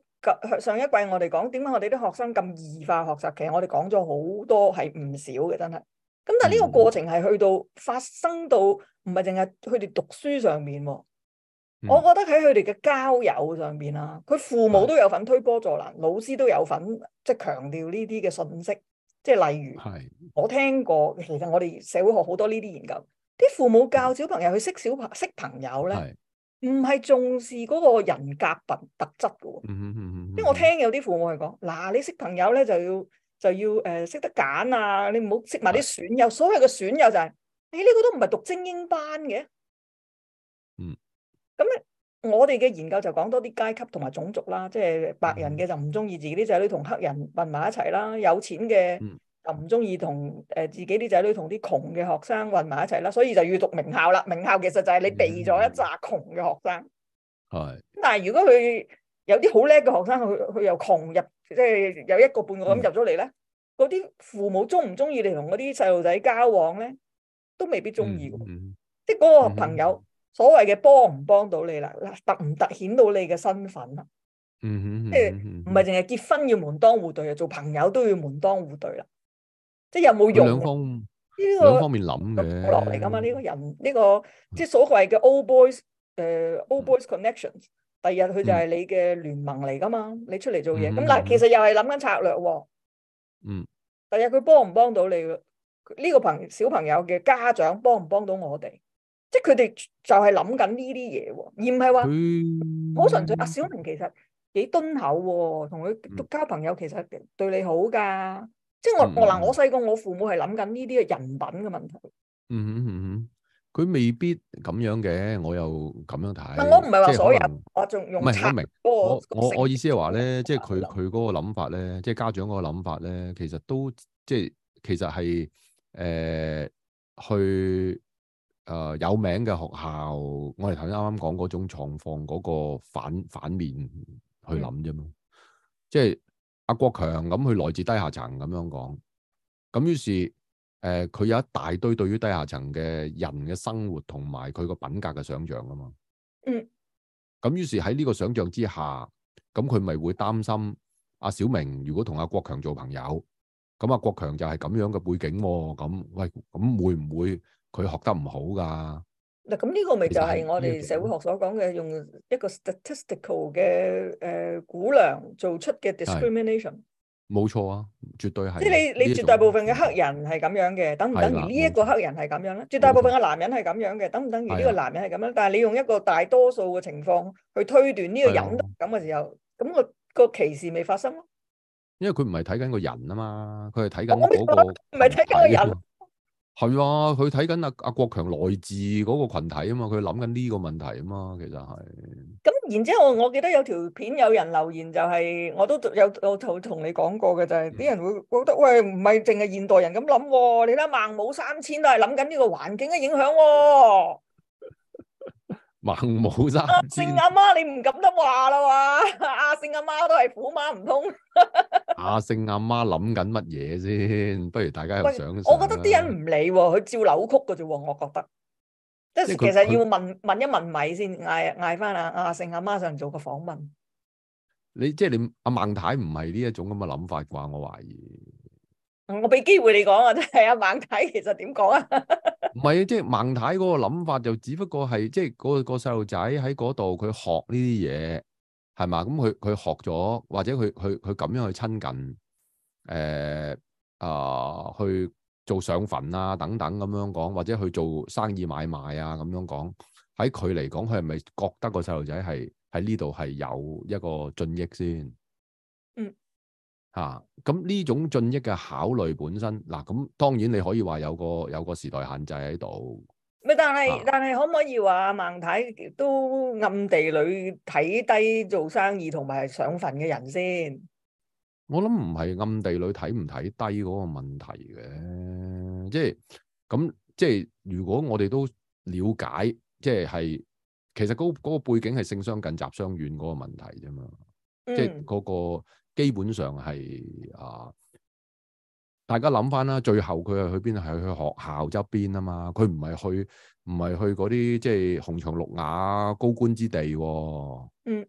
上一季我哋講點解我哋啲學生咁易化學習，其實我哋講咗好多係唔少嘅，真係。咁但係呢個過程係去到發生到唔係淨係佢哋讀書上面， *laughs* 我覺得喺佢哋嘅交友上邊啊，佢父母都有份推波助瀾，的老師都有份即係強調呢啲嘅信息。即係例如，我聽過，其實我哋社會學好多呢啲研究，啲父母教小朋友去識小朋識朋友咧，唔係重視嗰個人格品特質嘅喎。因為我聽有啲父母係講，嗱，你識朋友咧就要就要誒識得揀啊，你唔好識埋啲損友。所謂嘅損友就係，你呢個都唔係讀精英班嘅，嗯，咁咧。我哋嘅研究就講多啲階級同埋種族啦，即係白人嘅就唔中意自己啲仔女同黑人混埋一齊啦，有錢嘅就唔中意同誒自己啲仔女同啲窮嘅學生混埋一齊啦，所以就要讀名校啦。名校其實就係你避咗一紮窮嘅學生。係是。但係如果佢有啲好叻嘅學生，佢佢又窮入，即係有一個半個咁入咗嚟咧，嗰啲、嗯、父母中唔中意你同嗰啲細路仔交往咧？都未必中意喎。嗯嗯、即係嗰、嗰個朋友、嗯。所謂嘅幫唔幫到你啦，突唔突顯到你嘅身份啦，嗯哼，即係唔係淨係結婚要門當戶對啊，做朋友都要門當戶對啦，即係有冇用？呢、這個兩方面諗落嚟噶嘛？呢、這個人呢、這個即係所謂嘅 old boys，誒、uh, old boys connections，第二日佢就係你嘅聯盟嚟噶嘛？嗯、哼你出嚟做嘢咁嗱，嗯、哼其實又係諗緊策略喎、啊。嗯哼，第二日佢幫唔幫到你？呢、這個朋小朋友嘅家長幫唔幫到我哋？即係佢哋就係諗緊呢啲嘢，而唔係話好純粹。阿、嗯、小明其實幾敦厚，同佢交朋友其實對你好噶。嗯、即係我嗱，嗯、我細個我父母係諗緊呢啲嘅人品嘅問題。嗯嗯嗯，佢未必咁樣嘅，我又咁樣睇。唔，我唔係話所有人，那個，我仲用唔係起明。我我我意思係話咧，即係佢佢嗰個諗法咧，即係家長嗰個諗法咧，其實都即係其實係誒、呃、去。誒、呃、有名嘅學校，我哋頭先啱啱講嗰種狀況，嗰、那個反反面去諗啫嘛。即係阿國強咁，佢來自低下層咁樣講，咁於是誒佢、呃、有一大堆對於低下層嘅人嘅生活同埋佢個品格嘅想像啊嘛。嗯。咁於是喺呢個想像之下，咁佢咪會擔心阿小明如果同阿國強做朋友，咁阿國強就係咁樣嘅背景喎、哦。咁喂，咁會唔會？佢學得唔好噶？嗱，咁呢個咪就係我哋社會學所講嘅，用一個 statistical 嘅誒估量做出嘅 discrimination。冇錯啊，絕對係。即係你你絕大部分嘅黑人係咁樣嘅，等唔等於呢一個黑人係咁樣咧？絕大部分嘅男人係咁樣嘅，等唔等於呢個男人係咁樣？但係你用一個大多數嘅情況去推斷呢個人咁嘅時候，咁個個歧視未發生咯？因為佢唔係睇緊個人啊嘛，佢係睇緊嗰個唔係睇緊個人。係啊，佢睇緊阿阿國強來自嗰個群體啊嘛，佢諗緊呢個問題啊嘛，其實係。咁然之後，我記得有條片有人留言就係、是，我都有有同同你講過嘅就係、是，啲、嗯、人會覺得喂唔係淨係現代人咁諗、哦，你睇孟母三遷都、哦，都係諗緊呢個環境嘅影響。孟母三遷。阿聖阿媽，你唔敢得話啦？哇！阿聖阿媽都係虎媽唔通？阿聖阿媽諗緊乜嘢先？不如大家又想？我覺得啲人唔理喎，佢照扭曲嘅啫。我覺得，即係其實要問問一問米先，嗌嗌翻阿阿聖阿媽上做個訪問。你即係你阿孟太唔係呢一種咁嘅諗法啩？我懷疑。我俾機會你講啊，真係啊，孟太其實點講啊？唔係啊，即係孟太嗰個諗法就只不過係即係嗰個細路仔喺嗰度佢學呢啲嘢係嘛？咁佢佢學咗或者佢佢佢咁樣去親近誒啊、呃呃、去做上墳啊等等咁樣講，或者去做生意買賣啊咁樣講，喺佢嚟講，佢係咪覺得個細路仔係喺呢度係有一個進益先？啊，咁呢種進益嘅考慮本身，嗱、啊，咁當然你可以話有個有個時代限制喺度。咪但係是、啊、但係可唔可以話孟太，太都暗地裏睇低做生意同埋上份嘅人先？我諗唔係暗地裏睇唔睇低嗰個問題嘅、嗯，即係咁即係如果我哋都了解，即係其實嗰、那、嗰、個那個背景係性相近、習相遠嗰個問題啫嘛，即係嗰、那個。嗯基本上係啊，大家諗翻啦，最後佢係去邊？係去學校側邊啊嘛，佢唔係去唔係去嗰啲即係紅牆綠瓦高官之地喎，啊。嗯，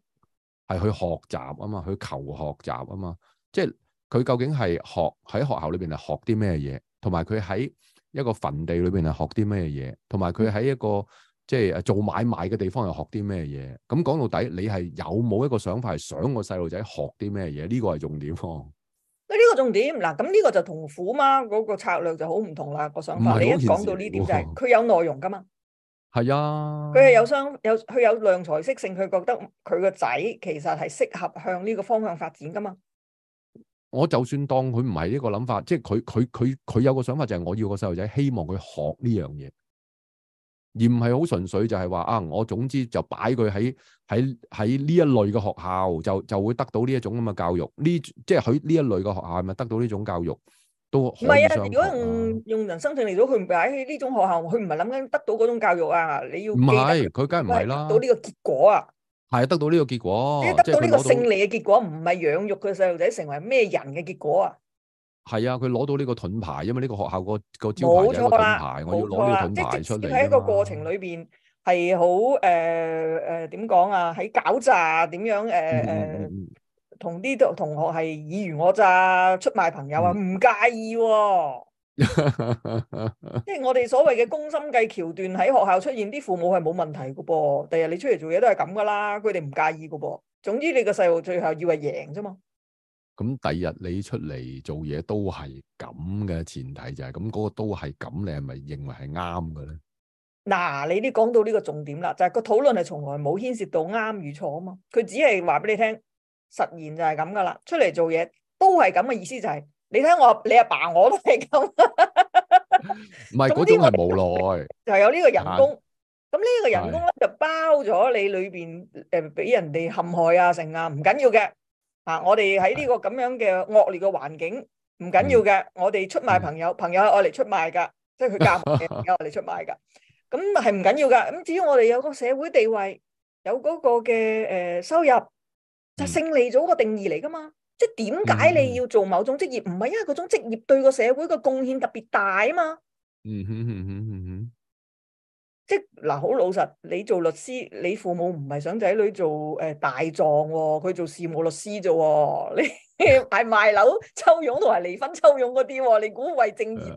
係去學習啊嘛，去求學習啊嘛。即係佢究竟係學喺學校裏邊係學啲咩嘢，同埋佢喺一個墳地裏邊係學啲咩嘢，同埋佢喺一個。即係做買賣嘅地方，又學啲咩嘢？咁講到底，你係有冇一個想法，係想個細路仔學啲咩嘢？呢個係重點喎。啊，呢個重點嗱，咁呢個就同虎媽嗰個策略就好唔同啦。個想法，啊、你一講到呢點就係佢有內容噶嘛。係啊，佢係有商有佢有量才適性，佢覺得佢個仔其實係適合向呢個方向發展噶嘛。我就算當佢唔係呢個諗法，即係佢佢佢佢有個想法，就係我要個細路仔，希望佢學呢樣嘢。而唔係好純粹就係話啊，我總之就擺佢喺喺喺呢一類嘅學校，就就會得到呢一種咁嘅教育。呢即係佢呢一類嘅學校係咪得到呢種教育都好唔係啊！如果用用人生性嚟到，佢唔喺呢種學校，佢唔係諗緊得到嗰種教育啊！你要唔係佢梗係唔係啦？到呢個結果啊，係得到呢個結果，即係得到呢個勝利嘅結果，唔係養育佢細路仔成為咩人嘅結果啊！係啊，佢攞到呢個盾牌，因為呢個學校個個招牌係一個盾牌，我要攞呢個盾牌出嚟。即係喺一個過程裏邊，係好誒誒，點講啊？喺狡詐，點、呃呃啊、樣誒誒，同啲同同學係爾虞我詐，出賣朋友、嗯、啊，唔介意。即係我哋所謂嘅攻心計橋段喺學校出現，啲父母係冇問題噶噃。第日你出嚟做嘢都係咁噶啦，佢哋唔介意噶噃。總之你個細路最後要係贏啫嘛。咁第二日你出嚟做嘢都係咁嘅，前提就係咁嗰個都係咁，你係咪認為係啱嘅咧？嗱，你啲講到呢個重點啦，就係個討論係從來冇牽涉到啱與錯啊嘛，佢只係話俾你聽，實現就係咁噶啦。出嚟做嘢都係咁嘅意思，就係你睇我你阿爸我都係咁，唔係嗰種係無奈，又有呢個人工，咁呢個人工咧就包咗你裏邊誒俾人哋陷害啊成啊，唔緊要嘅。啊！我哋喺呢個咁樣嘅惡劣嘅環境，唔緊要嘅。我哋出賣朋友，朋友係愛嚟出賣㗎，即係佢家門嘅朋友嚟出賣㗎。咁係唔緊要㗎。咁至於我哋有個社會地位，有嗰個嘅誒收入，就勝利咗個定義嚟㗎嘛。即係點解你要做某種職業？唔係因為嗰種職業對個社會嘅貢獻特別大啊嘛。嗯哼嗯哼嗯哼。即嗱，好老實，你做律師，你父母唔係想仔女做誒、呃、大狀喎、哦，佢做事務律師啫喎、哦。你係賣 *laughs* 樓抽傭同埋離婚抽傭嗰啲喎，你估為正義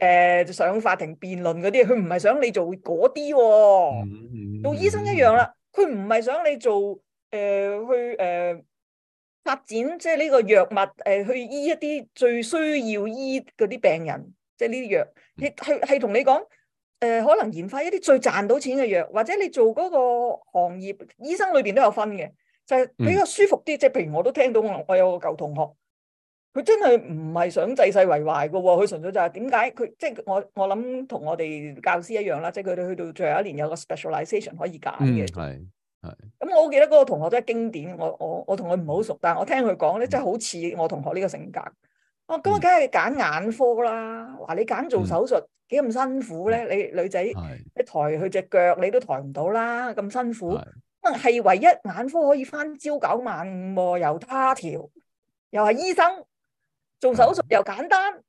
而誒、呃、上法庭辯論嗰啲，佢唔係想你做嗰啲喎。嗯嗯、做醫生一樣啦，佢唔係想你做誒、呃、去誒、呃、發展即係呢個藥物誒、呃、去醫一啲最需要醫嗰啲病人，即係呢啲藥。佢係係同你講。誒、呃，可能研發一啲最賺到錢嘅藥，或者你做嗰個行業，醫生裏邊都有分嘅，就係、是、比較舒服啲。嗯、即係譬如我都聽到我我有個舊同學，佢真係唔係想濟世為懷噶，佢純粹就係點解佢即係我我諗同我哋教師一樣啦，即係佢哋去到最後一年有一個 specialization 可以揀嘅。係係、嗯。咁、嗯、我好記得嗰個同學都係經典，我我我同佢唔好熟，但係我聽佢講咧，即係好似我同學呢個性格。哦，咁啊，梗係揀眼科啦。話你揀做手術幾咁辛苦咧？你女仔你抬佢隻腳，你都抬唔到啦，咁辛苦。可能係唯一眼科可以翻朝九晚五喎，由他條，又係醫生做手術又簡單，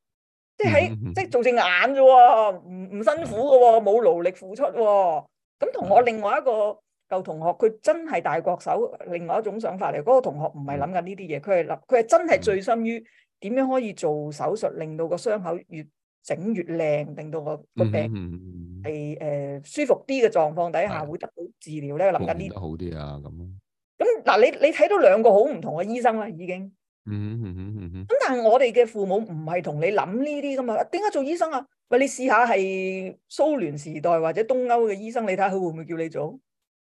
即係喺即係做隻眼啫喎，唔唔辛苦嘅喎，冇勞力付出喎。咁同我另外一個舊同學，佢真係大國手，另外一種想法嚟。嗰個同學唔係諗緊呢啲嘢，佢係諗，佢係真係醉心於。點樣可以做手術，令到個傷口越整越靚，令到個個病係誒、 *noise* 呃、舒服啲嘅狀況底下的會得到治療咧？諗緊啲好啲啊咁。咁嗱、呃，你你睇到兩個好唔同嘅醫生啦，已經。嗯咁 *noise* 但係我哋嘅父母唔係同你諗呢啲噶嘛？點解做醫生啊？喂，你試下係蘇聯時代或者東歐嘅醫生，你睇下佢會唔會叫你做？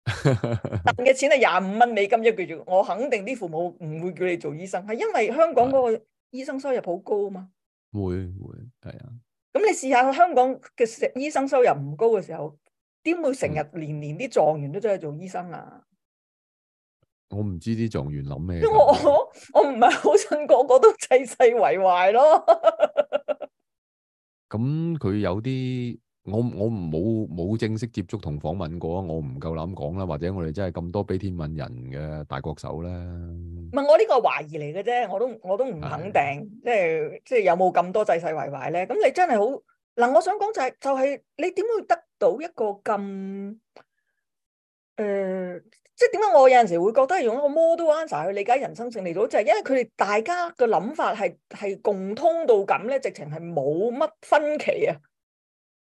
賺嘅 *laughs* 錢係廿五蚊美金一個月。我肯定啲父母唔會叫你做醫生，係因為香港嗰個。醫生收入好高啊嘛，會會係啊，咁你試下香港嘅食醫生收入唔高嘅時候，點會成日年年啲狀元都走去做醫生啊？我唔知啲狀元諗咩，我因為我我唔係好信個個都濟世為懷咯。咁 *laughs* 佢有啲。我我冇冇正式接觸同訪問過，我唔夠膽講啦。或者我哋真係咁多悲天憫人嘅大國手咧？問我呢個懷疑嚟嘅啫，我都我都唔肯定，即係即係有冇咁多濟世為懷咧？咁你真係好嗱，我想講就係就係你點會得到一個咁誒？即係點解我有陣時會覺得用一個 model answer 去理解人生勝利到就係因為佢哋大家嘅諗法係係共通到咁咧，直情係冇乜分歧啊！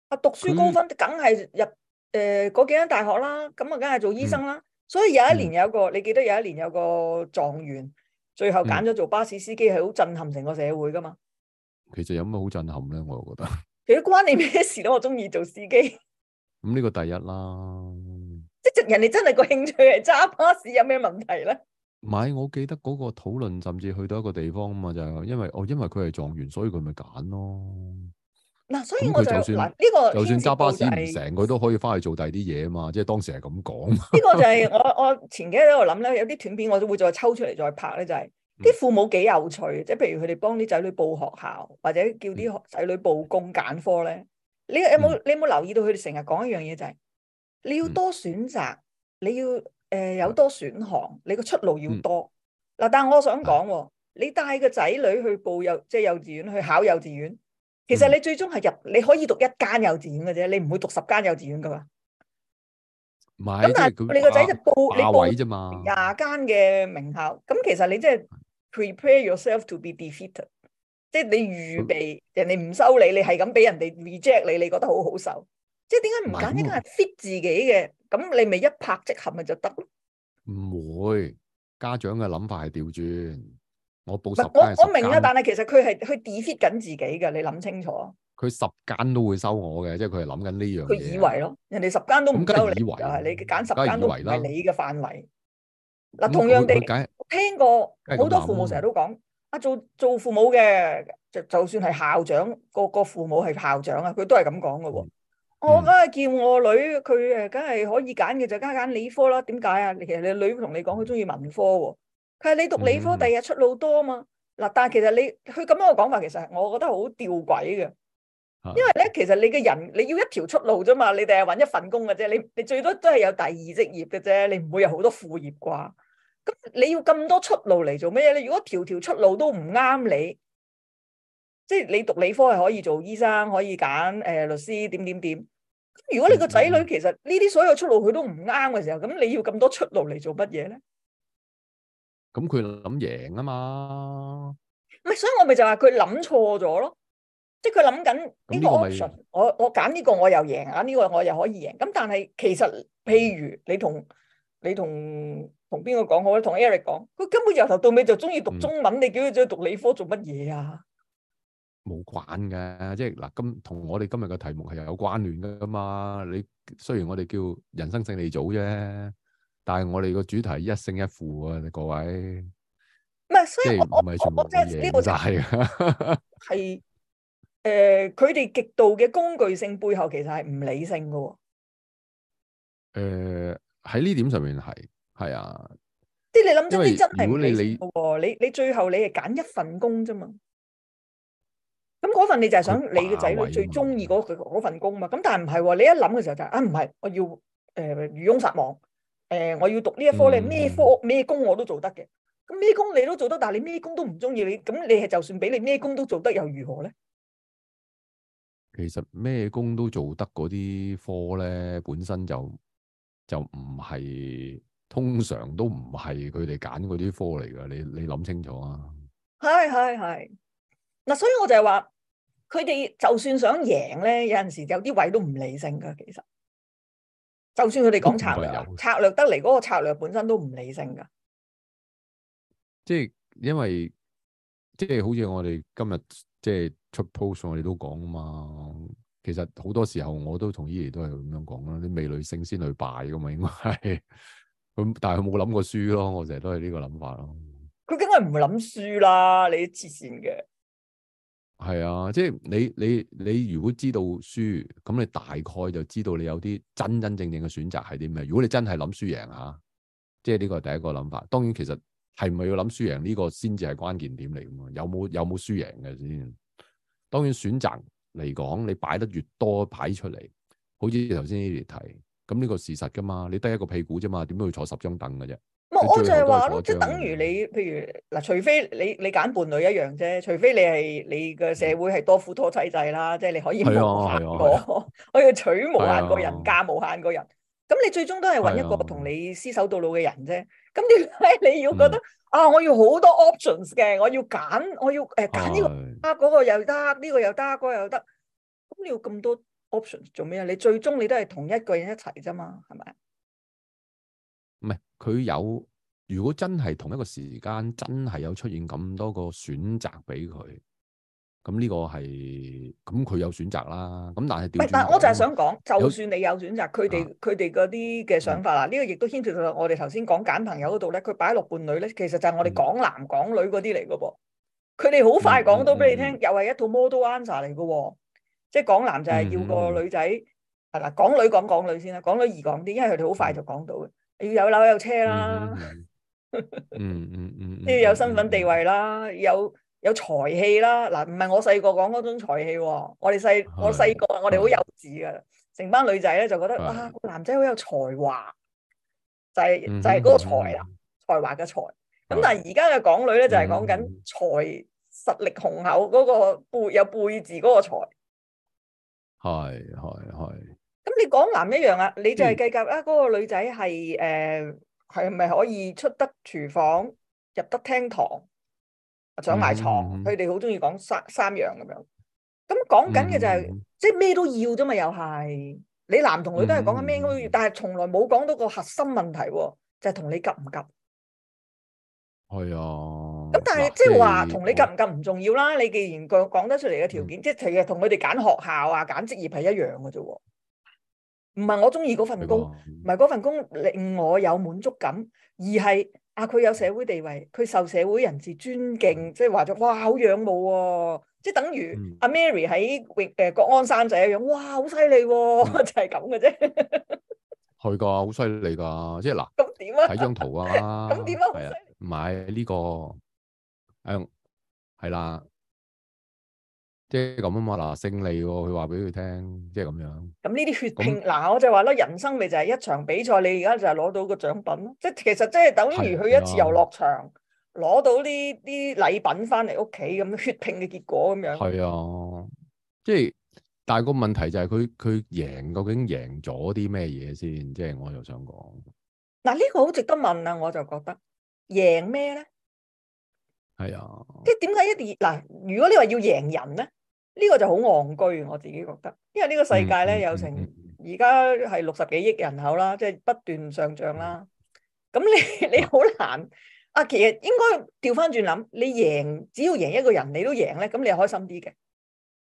啊！讀書高分梗係入誒嗰、呃、幾間大學啦，咁啊梗係做醫生啦。嗯、所以有一年有一個，嗯、你記得有一年有一個狀元，最後揀咗做巴士司機，係、嗯、好震撼成個社會噶嘛。其實有咩好震撼咧？我又覺得其實關你咩事咯。我中意做司機咁呢個第一啦。即人哋真係個興趣係揸巴士，有咩問題咧？唔係，我記得嗰個討論，甚至去到一個地方啊嘛，就係、因為哦，因為佢係狀元，所以佢咪揀咯。嗱，所以我想話呢個，就算揸巴士唔成個都可以翻去做第二啲嘢啊嘛，即係當時係咁講。呢個就係我我前幾日喺度諗咧，有啲斷片，我都會再抽出嚟再拍咧，就係啲父母幾有趣，即係譬如佢哋幫啲仔女報學校，或者叫啲仔女報工揀科咧。你有冇，你有冇留意到佢哋成日講一樣嘢，就係你要多選擇，你要誒有多選項，你個出路要多嗱。但係我想講喎，你帶個仔女去報幼，即係幼稚園去考幼稚園。其實你最終係入，你可以讀一間幼稚園嘅啫，你唔會讀十間幼稚園噶。唔係，咁但係你個仔就報，霸位啫嘛，廿間嘅名校。咁其實你即係 prepare yourself to be defeated，即係你預備人哋唔收你，你係咁俾人哋 reject 你，你覺得好好受？即係點解唔揀一間係 fit 自己嘅？咁你咪一拍即合咪就得咯？唔會，家長嘅諗法係調轉。我報十我我明啦，但係其實佢係去 defeat 緊自己嘅，你諗清楚。佢十間都會收我嘅，即係佢係諗緊呢樣。佢以為咯，人哋十間都唔收你。以為係你揀十間都唔係你嘅範圍。嗱，同樣地，我聽過好多父母成日都講啊，做做父母嘅，就就算係校長，個個父母係校長啊，佢都係咁講噶。嗯、我梗係叫我女，佢誒，梗係可以揀嘅，就梗係揀理科啦。點解啊？其實你女同你講，佢中意文科喎。係你讀理科，第日出路多啊嘛。嗱，但係其實你佢咁樣嘅講法，其實我覺得好吊詭嘅。因為咧，其實你嘅人你要一條出路啫嘛，你第日搵一份工嘅啫。你你最多都係有第二職業嘅啫，你唔會有好多副業啩？咁你要咁多出路嚟做咩咧？你如果條條出路都唔啱你，即係你讀理科係可以做醫生，可以揀誒律師點點點。咁如果你個仔女其實呢啲所有出路佢都唔啱嘅時候，咁你要咁多出路嚟做乜嘢咧？咁佢諗贏啊嘛，唔係，所以我咪就話佢諗錯咗咯，即係佢諗緊呢個 option，個、就是、我我揀呢個我又贏啊，呢、呢個我又可以贏。咁但係其實譬如你同你同同邊個講好，同 Eric 講，佢根本由頭到尾就中意讀中文，嗯、你叫佢再讀理科做乜嘢啊？冇慣㗎，即係嗱，今同我哋今日嘅題目係又有關聯噶嘛？你雖然我哋叫人生勝利組啫。但係我哋個主題一勝一負啊，各位。唔係，所以我唔係全部嘢負債噶，係誒，佢哋極度嘅工具性背後，其實係唔理性噶。誒，喺呢點上面係係啊，啲你諗真啲真係唔理性噶喎，你你最後你係揀一份工啫嘛，咁嗰份你就係想你嘅仔女最中意嗰嗰份工嘛，咁但係唔係喎，你一諗嘅時候就係啊唔係，我要誒漁翁撒網。誒，我要讀呢一科咧，咩科咩工我都做得嘅。咁咩工你都做得，但係你咩工都唔中意，你咁你係就算俾你咩工都做得又如何咧？其實咩工都做得嗰啲科咧，本身就就唔係通常都唔係佢哋揀嗰啲科嚟噶。你你諗清楚啊！係係係。嗱，所以我就係話，佢哋就算想贏咧，有陣時有啲位都唔理性噶，其實。就算佢哋講策略，策略得嚟嗰個策略本身都唔理性噶，即係因為即係好似我哋今日即係出 post 我哋都講啊嘛，其實好多時候我都同伊研都係咁樣講啦，你未女性先去敗噶嘛，應該係佢，但係佢冇諗過輸咯，我成日都係呢個諗法咯。佢梗係唔會諗輸啦，你黐線嘅。係啊，即係你你你如果知道輸，咁你大概就知道你有啲真真正正嘅選擇係啲咩。如果你真係諗輸贏啊，即係呢個第一個諗法。當然其實係唔係要諗輸贏呢個先至係關鍵點嚟噶嘛？有冇有冇輸贏嘅先？當然選擇嚟講，你擺得越多牌出嚟，好似頭先呢啲提咁呢個事實噶嘛？你得一個屁股啫嘛，點會坐十張凳噶啫？嗯、我就係話咯，即係等於你，譬如嗱，除非你你揀伴侶一樣啫，除非你係你嘅社會係多夫多妻制啦，嗯、即係你可以無限個，我要娶無限個人嫁、嗯、無限個人，咁你最終都係揾一個同你廝守到老嘅人啫。咁點解你要覺得啊，我要好多 options 嘅，我要揀，我要誒揀呢個啊嗰、嗯、個又得，呢、呢個又得，嗰、嗰個又得，咁、你、要咁多 options 做咩啊？你最終你都係同一個人一齊啫嘛，係咪？唔係佢有，如果真係同一個時間，真係有出現咁多個選擇俾佢，咁呢個係咁佢有選擇啦。咁但係唔係，但我就係想講，就算你有選擇，佢哋佢哋嗰啲嘅想法啦，呢個亦都牽涉到我哋頭先講揀朋友嗰度咧。佢擺落伴侶咧，其實就係我哋港男港女嗰啲嚟噶噃。佢哋好快講到俾你聽，又係一套 model answer 嚟噶，即係港男就係要個女仔係啦，港女講港女先啦，港女易講啲，因為佢哋好快就講到嘅。要有樓有車啦，嗯嗯嗯，要有身份地位啦，有有財氣啦。嗱、啊，唔係我細個講嗰種才氣喎、啊。我哋細是我細個，我哋好幼稚噶，成班女仔咧就覺得是啊，男仔好有才華，就係、是、就係、是、嗰個才啦，mm hmm. 才華嘅才。咁是但係而家嘅港女咧就係講緊才實力雄厚嗰、那個背有背字嗰個才，係係係。咁你講男一樣啊？你就係計較啊嗰個女仔係誒係咪可以出得廚房入得廳堂上埋床？佢哋好中意講三三樣咁樣。咁講緊嘅就係即係咩都要啫嘛？又係你男同女都係講緊咩都要，但係從來冇講到個核心問題，就係同你夾唔夾？係啊。咁但係即係話同你夾唔夾唔重要啦。你既然講講得出嚟嘅條件，即係其實同佢哋揀學校啊、揀職業係一樣嘅啫。唔係我中意嗰份工，唔係嗰份工令我有滿足感，而係阿佢有社會地位，佢受社會人士尊敬，即係話咗哇好仰慕喎，即係等於阿 Mary 喺誒國安山仔一樣，哇好犀利喎，就係咁嘅啫。去過，好犀利㗎，即係嗱睇張圖啊，咁點啊，係啊，買呢個誒係啦。即係咁啊嘛，嗱，勝利佢話俾佢聽，即係咁樣。咁呢啲血拼，嗱那，我就話咯，人生咪就係一場比賽，你而家就係攞到個獎品咯。即係其實即係等於去一次遊樂場，攞、啊、到呢啲禮品翻嚟屋企咁，血拼嘅結果咁樣。係啊，即係，但係個問題就係佢佢贏，究竟贏咗啲咩嘢先？即係我就想講，嗱，呢個好值得問啊！我就覺得贏咩咧？係啊，即係點解一定嗱？如果你話要贏人咧，呢個就好戇居，我自己覺得，因為呢個世界咧，有成而家係六十幾億人口啦，即係不斷上漲啦。咁你你好難啊？其實應該調翻轉諗，你贏只要贏一個人，你都贏咧，咁你開心啲嘅。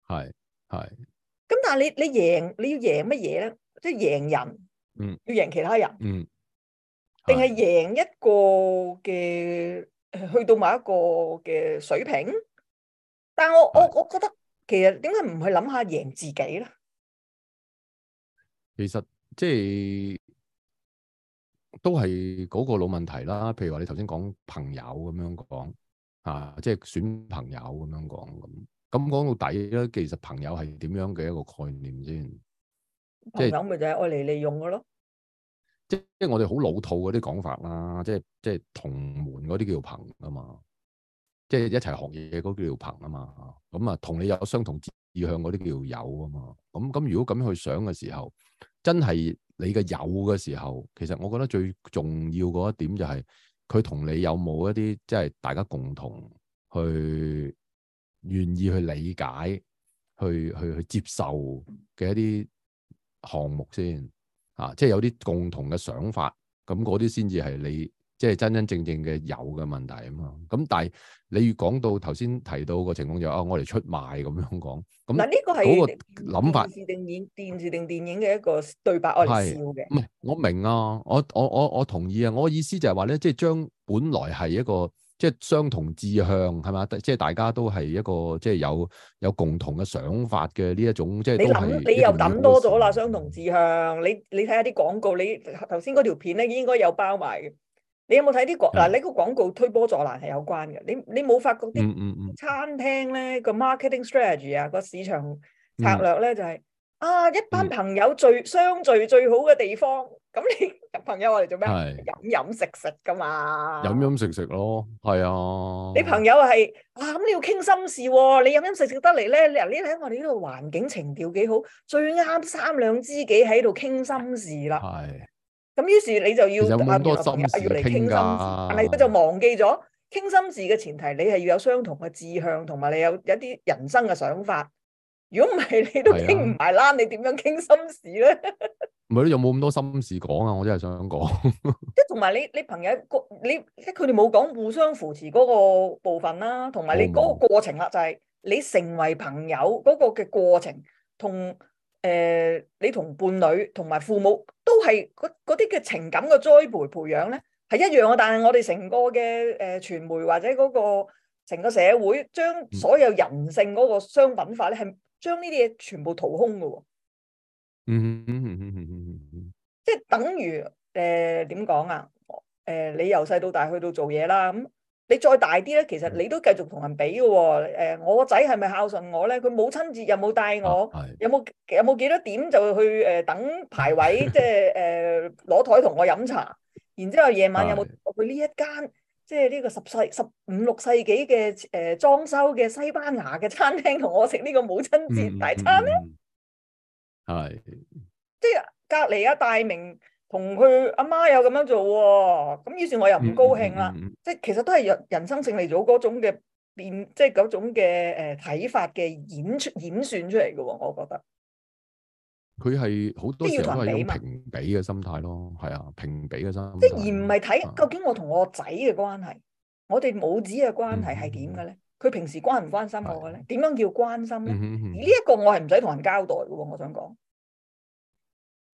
係係。咁但係你你贏你要贏乜嘢？咧？即係贏人，嗯，要贏其他人，嗯，定係贏一個嘅？去到某一個嘅水平，但係我我我覺得，其實點解唔去諗下贏自己咧？其實即係都係嗰個老問題啦。譬如話你頭先講朋友咁樣講啊，即係選朋友咁樣講咁，咁講到底咧，其實朋友係點樣嘅一個概念先？朋友咪就係愛嚟利用嘅咯。是即係，即係我哋好老套嗰啲講法啦，即係，即係同門嗰啲叫朋啊嘛，即係一齊學嘢嗰啲叫朋啊嘛。咁啊，同你有相同志向嗰啲叫友啊嘛。咁咁如果咁樣去想嘅時候，真係你嘅友嘅時候，其實我覺得最重要嗰一點就係佢同你有冇一啲即係大家共同去願意去理解、去去去接受嘅一啲項目先。啊，即係有啲共同嘅想法，咁嗰啲先至係你即係真真正正嘅有嘅問題啊嘛。咁但係你越講到頭先提到個情況就是、啊，我哋出賣咁樣講，咁嗱呢個係嗰個諗法電電。電視定影，電視定電影嘅一個對白，我哋笑嘅。唔係，我明啊，我我我我同意啊，我意思就係話咧，即係將本來係一個。即係相同志向係咪？即係大家都係一個即係有有共同嘅想法嘅呢一種即係。你諗你又諗多咗啦！相同志向，你你睇下啲廣告，你頭先嗰條片咧應該有包埋嘅。你有冇睇啲廣嗱？你個廣告推波助瀾係有關嘅。你你冇發覺啲餐廳咧個 marketing strategy 啊，個市場策略咧就係啊，一班朋友最相聚最好嘅地方。咁你朋友我哋做咩？飲飲是食食噶嘛，飲飲食食咯，係啊，啊。你朋友係啊，咁你要傾心事喎。你飲飲食食得嚟咧，你你睇我哋呢度環境情調幾好，最啱三兩知己喺度傾心事啦。係是。咁於是你就要啊要嚟傾心事，心事，但係佢就忘記咗傾心事嘅前提，你係要有相同嘅志向，同埋你有有一啲人生嘅想法。如果唔係，你都傾唔埋啦，的你點樣傾心事咧？唔係咧，有冇咁多心事講啊？我真係想講，即係同埋你，你朋友，你即係佢哋冇講互相扶持嗰個部分啦，同埋你嗰個過程啦，就係你成為朋友嗰個嘅過程，同誒、呃、你同伴侶同埋父母都係嗰啲嘅情感嘅栽培培養咧，係一樣啊！但係我哋成個嘅誒、呃、傳媒或者嗰、那個成個社會，將所有人性嗰個商品化咧，係、嗯。將呢啲嘢全部掏空㗎喎、哦，嗯嗯嗯嗯嗯嗯嗯，即係等於誒點講啊？誒、呃，你由細到大去到做嘢啦，咁、嗯、你再大啲咧，其實你都繼續同人比嘅喎、哦。誒、呃，我個仔係咪孝順我咧？佢母親節有冇帶我？啊、有冇有冇幾多點就去誒、呃、等排位？即係誒攞台同我飲茶，然之後夜晚有冇去呢一間？即係呢個十世十五六世紀嘅誒、呃、裝修嘅西班牙嘅餐廳，同我食呢個母親節大餐咧。係、嗯，嗯嗯嗯、即係隔籬啊！大明同佢阿媽又咁樣做喎，咁於是我又唔高興啦。嗯嗯嗯嗯、即係其實都係人人生勝利咗嗰種嘅變，即係嗰種嘅誒睇法嘅演出演算出嚟嘅喎，我覺得。佢係好多時候都係用平比嘅心態咯，係啊，平比嘅心，即而唔係睇究竟我同我仔嘅關係，我哋母子嘅關係係點嘅咧？佢平時關唔關心我嘅咧？點是樣叫關心咧？呢一、嗯嗯嗯、個我係唔使同人交代嘅喎，我想講。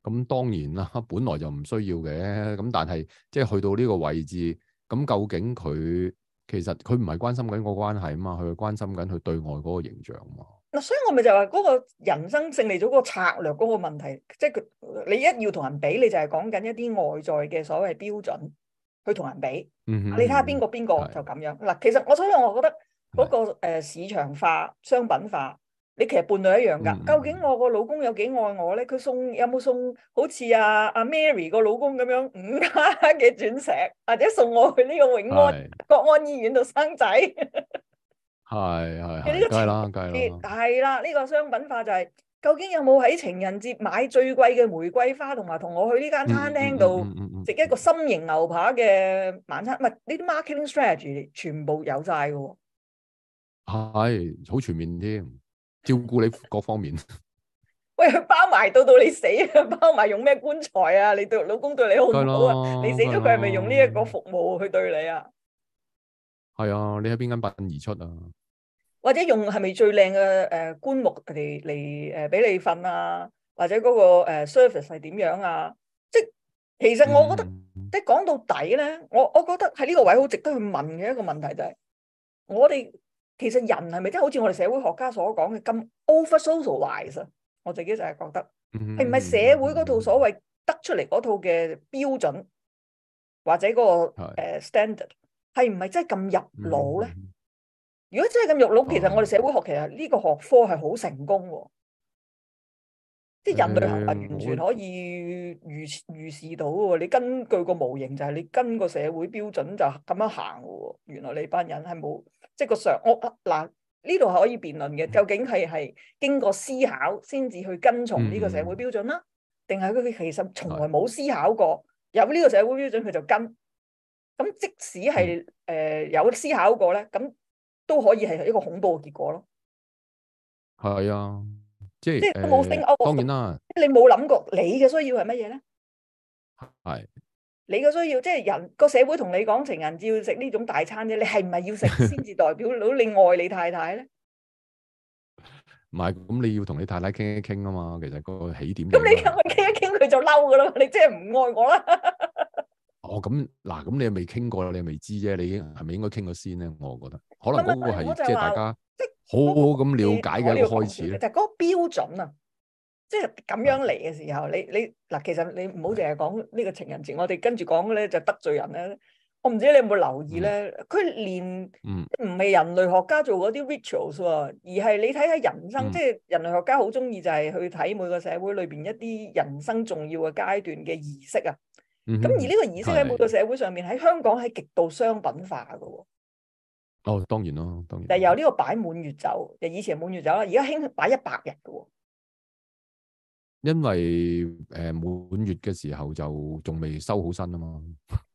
咁當然啦，本來就唔需要嘅。咁但係即係去到呢個位置，咁究竟佢其實佢唔係關心緊個關係啊嘛？佢係關心緊佢對外嗰個形象啊嘛？嗱，所以我咪就話嗰個人生勝利組嗰個策略嗰個問題，即係佢你一要同人比，你就係講緊一啲外在嘅所謂標準去同人比，嗯、哼你睇下邊個邊個就咁樣。嗱是，其實我所以我覺得嗰個誒市場化、是商品化，你其實伴侶一樣噶。嗯、哼究竟我個老公有幾愛我咧？佢送有冇送好似啊阿、啊、Mary 個老公咁樣五卡嘅鑽石，或者送我去呢個永安是國安醫院度生仔？係係梗係啦，梗係啦，係啦。呢個商品化就係究竟有冇喺情人節買最貴嘅玫瑰花，同埋同我去呢間餐廳度食一個心形牛排嘅晚餐？唔係呢啲 marketing strategy 全部有晒嘅。係好全面添，照顧你各方面。喂，佢包埋到到你死啊！包埋用咩棺材啊？你對老公對你好唔好啊？你死咗佢係咪用呢一個服務去對你啊？係啊，你喺邊間殯儀出啊？或者用係咪最靚嘅誒棺木嚟嚟誒俾你瞓啊？或者嗰、那個誒、呃、surface 係點樣啊？即係其實我覺得、mm hmm. 即講到底咧，我我覺得喺呢個位好值得去問嘅一個問題就係、是，我哋其實人係咪真係好似我哋社會學家所講嘅咁 over socialize 啊？我自己就係覺得係唔係社會嗰套所謂得出嚟嗰套嘅標準、mm hmm. 或者嗰、那個誒、mm hmm. uh, standard 係唔係真係咁入腦咧？Mm hmm. mm hmm. 如果真係咁肉腦，其實我哋社會學其實呢個學科係好成功喎，啲人類行為完全可以預預視到喎。你根據個模型就係你跟個社會標準就咁樣行嘅喎。原來你班人係冇即係個常屋嗱，呢度係可以辯論嘅，究竟係係經過思考先至去跟從呢個社會標準啦，定係佢其實從來冇思考過，的有呢個社會標準佢就跟。咁即使係誒、呃、有思考過咧，咁。都可以係一個恐怖嘅結果咯。係啊，即係即係冇升歐，當然啦，你冇諗過你嘅需要係乜嘢咧？係你嘅需要，即係人個社會同你講，情人節要食呢種大餐啫。你係唔係要食先至代表到你愛你太太咧？唔係，咁你要同你太太傾一傾啊嘛。其實個起點，咁你同佢傾一傾，佢就嬲噶啦。你即係唔愛我啦？哦，咁嗱，咁你又未傾過，你又未知啫。你應係咪應該傾過先咧？我覺得。可能都係即係大家，即係好好咁好了解嘅開始咧。就嗰個標準啊，即係咁樣嚟嘅時候，你你嗱，其實你唔好淨係講呢個情人節，我哋跟住講咧就得罪人咧。我唔知你有冇留意咧，佢、嗯、連唔係、嗯、人類學家做嗰啲 rituals 喎，而係你睇下人生，即係、嗯、人類學家好中意就係去睇每個社會裏邊一啲人生重要嘅階段嘅儀式啊。咁、嗯、哼而呢個儀式喺每個社會上面喺香港係極度商品化嘅，哦。哦，當然咯，當然。但由呢個擺滿月酒，就以前滿月酒啦，而家興擺一百日嘅喎。因為誒、呃、滿月嘅時候就仲未收好身啊嘛。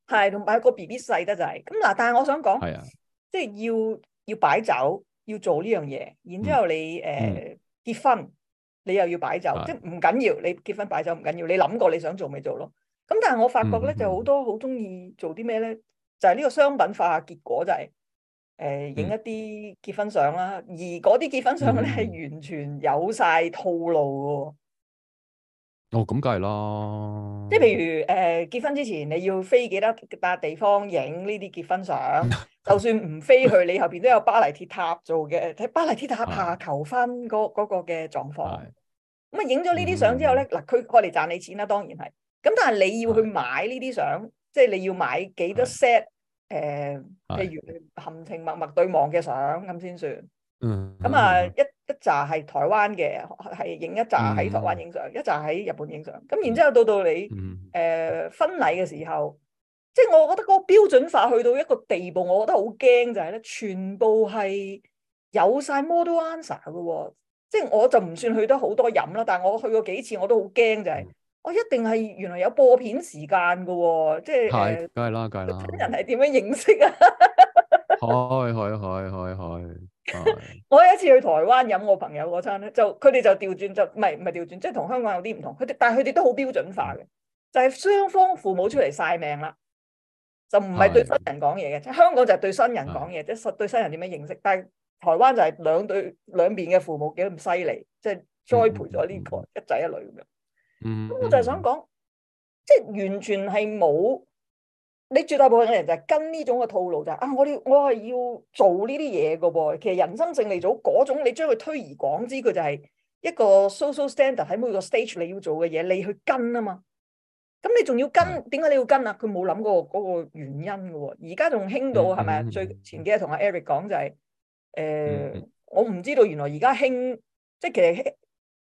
係，同埋個 B B 細得就滯，係。咁嗱，但係我想講，係啊，即係要要擺酒，要做呢樣嘢。然之後你誒、嗯呃、結婚，你又要擺酒，即係唔緊要。你結婚擺酒唔緊要，你諗過你想做咪做咯。咁但係我發覺咧，就好多好中意做啲咩咧，就係、係、呢個商品化結果就係、係。誒、影、呃、一啲結婚相啦，而嗰啲結婚相咧，係、嗯、完全有晒套路嘅。哦，咁梗係啦，即係譬如誒、呃，結婚之前你要飛幾多笪地方影呢啲結婚相， *laughs* 就算唔飛去，你後邊都有巴黎鐵塔做嘅，喺巴黎鐵塔下求婚嗰嗰的個嘅狀況。咁啊的，影咗呢啲相之後咧，嗱的，佢過嚟賺你錢啦，當然係。咁但係你要去買呢啲相，即係你要買幾多 set。的的誒，譬、uh, 如含情脈脈對望嘅相咁先算。嗯、mm，咁、hmm. 啊，一一扎係台灣嘅，係影一扎喺台灣影相，一扎喺、mm hmm. 日本影相。咁然之後到到你誒婚禮嘅時候，即係我覺得嗰個標準化去到一個地步，我覺得好驚就係、是、咧，全部係有晒 model answer 嘅、哦。即係我就唔算去得好多飲啦，但係我去過幾次，我都好驚就係、是。Mm hmm. 我、哦、一定係原來有播片時間嘅、哦，即係梗係啦，梗係啦。新、呃、人係點樣認識啊？開開開開開！嘿嘿我有一次去台灣飲我朋友嗰餐咧，就佢哋就調轉就唔係唔係調轉，即係同香港有啲唔同。佢哋但係佢哋都好標準化嘅，就係、是、雙方父母出嚟晒命啦，就唔係對新人講嘢嘅，即係嘿嘿 香港就係對新人講嘢，即係嘿嘿 對新人點樣認識。但係台灣就係兩對兩邊嘅父母幾咁犀利，即、就、係、是、栽培咗呢、這個、嗯、一仔一女咁樣。咁、嗯嗯、 *noise* 我就係想講，即、就、係、是、完全係冇，你絕大部分嘅人就係跟呢種嘅套路就係、是、啊，我要我係要做呢啲嘢嘅噃。其實人生勝利組嗰種，你將佢推而廣之，佢就係一個 social standard 喺每個 stage 你要做嘅嘢，你去跟啊嘛。咁你仲要跟，點解、嗯、你要跟啊？佢冇諗過嗰個原因嘅。而家仲興到係咪啊？最、嗯、前幾日同阿 Eric 講就係，誒，我唔知道原來而家興，即、就、係、是、其實。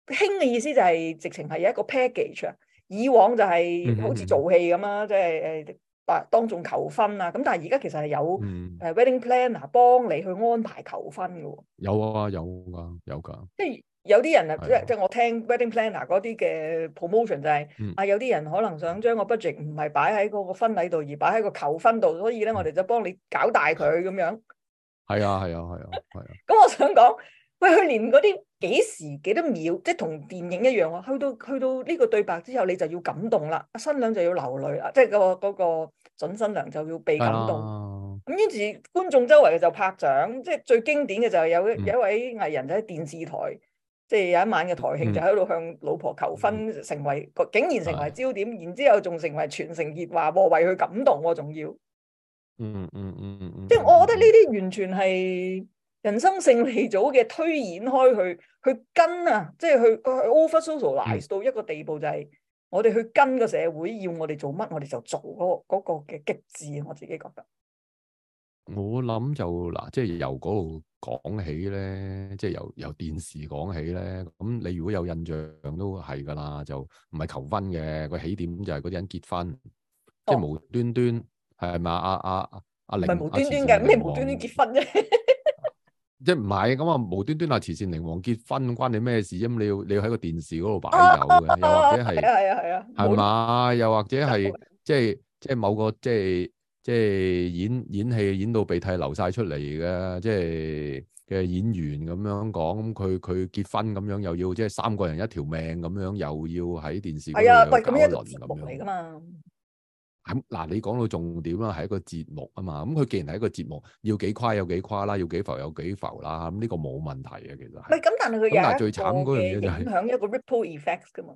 興嘅意思就係直情係一個 package 啊，以往就係好似做戲咁啦，即係誒，當眾求婚啊，咁但係而家其實係有誒 wedding planner 幫你去安排求婚㗎喎。有啊有啊有噶。的即係有啲人啊，即係我聽 wedding planner 嗰啲嘅 promotion 就係，啊有啲人可能想將個 budget 唔係擺喺嗰個婚禮度，而擺喺個求婚度，所以咧我哋就幫你搞大佢咁樣。係啊係啊係啊係啊。咁 *laughs* 我想講。喂，佢哋連啲幾時幾多秒，即係同電影一樣喎。去到去到呢個對白之後，你就要感動啦，新娘就要流淚啦，即係個嗰個準新娘就要被感動。咁於是觀眾周圍就拍掌，即係最經典嘅就係有一一位藝人就喺電視台，即係有一晚嘅台慶，就喺度向老婆求婚，成為竟然成為焦點，然之後仲成為全城熱話喎，為佢感動喎，仲要。嗯嗯嗯嗯即係我覺得呢啲完全係。人生勝利組嘅推演開去，去跟啊，即係去去 over socialize 到一個地步，嗯、就係我哋去跟個社會要我哋做乜，我哋就做嗰、那、嗰個嘅極、那個、致。我自己覺得，我諗就嗱，即係、就是、由嗰度講起咧，即、就、係、是、由由電視講起咧。咁你如果有印象都係噶啦，就唔係求婚嘅，個起點就係嗰啲人結婚，哦、即係無端端係咪啊？阿阿阿玲唔係無端端嘅咩？啊、無端端結婚啫。 *laughs* 即係唔係咁啊？無端端啊，慈善靈王結婚關你咩事？咁、嗯、你要你要喺個電視嗰度擺酒嘅，又或者係係啊係啊，係嘛、啊？又或者係即係即係某個即係即係演演戲演到鼻涕流晒出嚟嘅，即係嘅演員咁樣講，咁佢佢結婚咁樣又要即係三個人一條命咁樣，又要喺電視，係啊，係咁一輪咁樣。咁嗱，你講到重點啦，係一個節目啊嘛。咁佢既然係一個節目，要幾誇有幾誇啦，要幾浮有幾浮啦。咁呢個冇問題嘅，其實係。咁，但係佢而家最慘嗰樣嘢就影響一個 ripple effect 噶嘛。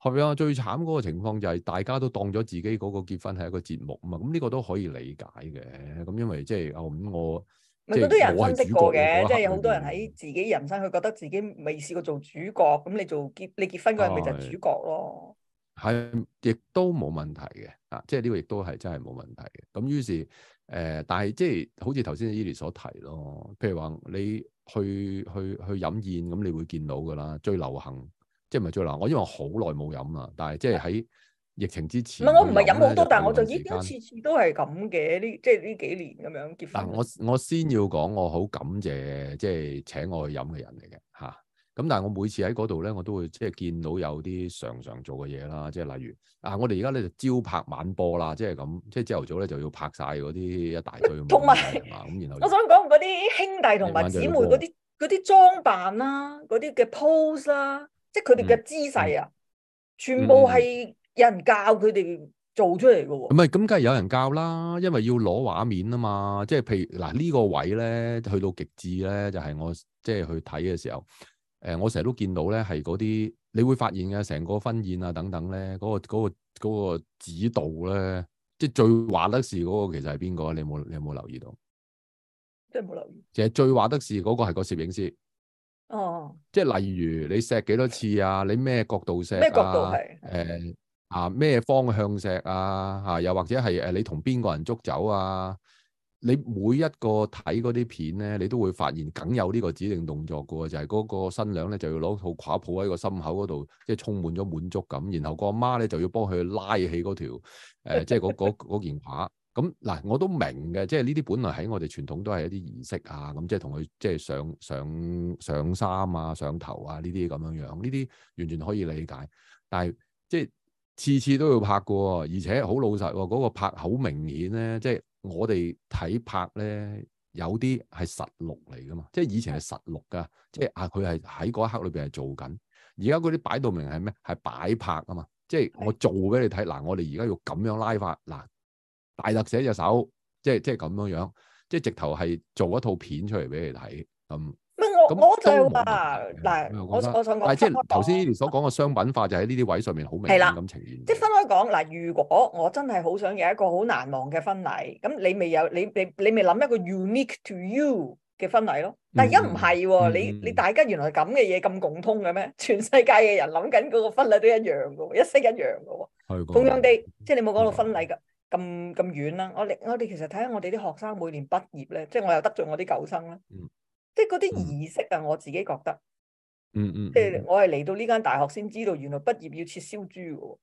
係啊、係咪，最慘嗰個情況就係大家都當咗自己嗰個結婚係一個節目啊嘛。咁呢個都可以理解嘅。咁因為即係啊咁，我即係都有分析過嘅，即係有好多人喺自己人生，佢的、就是、覺得自己未試過做主角。咁你做結你結婚嗰日，咪就係主角咯。係，亦都冇問題嘅，啊，即係呢個亦都係真係冇問題嘅。咁、啊、於是，誒、呃，但係即係好似頭先 Eli 所提咯，譬如話你去去去，去飲宴，咁你會見到嘅啦。最流行，即係唔係最流行？我因為我好耐冇飲啦，但係即係喺疫情之前，唔係是飲我唔係飲好多，但係我就已經次次都係咁嘅，呢即係呢幾年咁樣結婚。我我先要講，我好感謝即係請我去飲嘅人嚟嘅。咁但係我每次喺嗰度咧，我都會即係見到有啲常常做嘅嘢啦，即係例如啊，我哋而家咧就朝拍晚播啦，即係咁，即係朝頭早咧就要拍晒嗰啲一大堆咁啊，咁然後我想講嗰啲兄弟同埋姊妹嗰啲啲裝扮啦，嗰啲嘅 pose 啦，即係佢哋嘅姿勢啊，嗯嗯嗯嗯、全部係有人教佢哋做出嚟嘅喎。唔、嗯、係，咁梗係有人教啦，因為要攞畫面啊嘛，即、就、係、是、譬如嗱呢、這個位咧、就是就是，去到極致咧，就係我即係去睇嘅時候。誒、呃，我成日都見到咧，係嗰啲，你會發現嘅成個婚宴啊等等咧，嗰、那個嗰、那個那個、指導咧，即係最話得事嗰個其實係邊個？你有冇你有冇留意到？即係冇留意。其實最話得事嗰個係個攝影師。哦。即係例如你錫幾多次啊？你咩角度錫咩、啊、角度係？誒、呃、啊咩方向錫啊嚇、啊？又或者係誒你同邊個人捉走啊？你每一個睇嗰啲片咧，你都會發現梗有呢個指定動作嘅，就係、是、嗰個新娘咧就要攞套胯抱喺個心口嗰度，即係充滿咗滿足感。然後個阿媽咧就要幫佢拉起嗰條、呃、即係嗰件畫。咁嗱，我都明嘅，即係呢啲本來喺我哋傳統都係一啲儀式啊，咁即係同佢即係上上上衫啊、上頭啊呢啲咁樣樣，呢啲完全可以理解。但係即係次次都要拍嘅，而且好老實喎，嗰、那個拍好明顯咧，即係。我哋睇拍呢有啲係實錄嚟㗎嘛，即係以前係實錄㗎，即係啊佢係喺嗰一刻裏邊係做緊。而家嗰啲擺到明係咩？係擺拍啊嘛，即係我做俾你睇。嗱，我哋而家要咁樣拉法，嗱，大特寫隻手，即係即係咁樣樣，即係直頭係做一套片出嚟俾你睇咁。嗯。唔係我我就話嗱，我我想講，即係頭先你所講嘅商品化就喺呢啲位上面好明顯咁呈現。即係分開講嗱，如果我真係好想有一個好難忘嘅婚禮，咁你未有你你你咪諗一個 unique to you 嘅婚禮咯？但係而家唔係，你你大家原來咁嘅嘢咁共通嘅咩？全世界嘅人諗緊嗰個婚禮都一樣噶，一式一樣噶，同樣地，即係你冇講到婚禮㗎咁咁遠啦。我我哋其實睇下我哋啲學生每年畢業咧，即係我又得罪我啲舊生啦。即係嗰啲儀式啊！我自己覺得，嗯嗯，嗯嗯，即係我係嚟到呢間大學先知道，原來畢業要切燒豬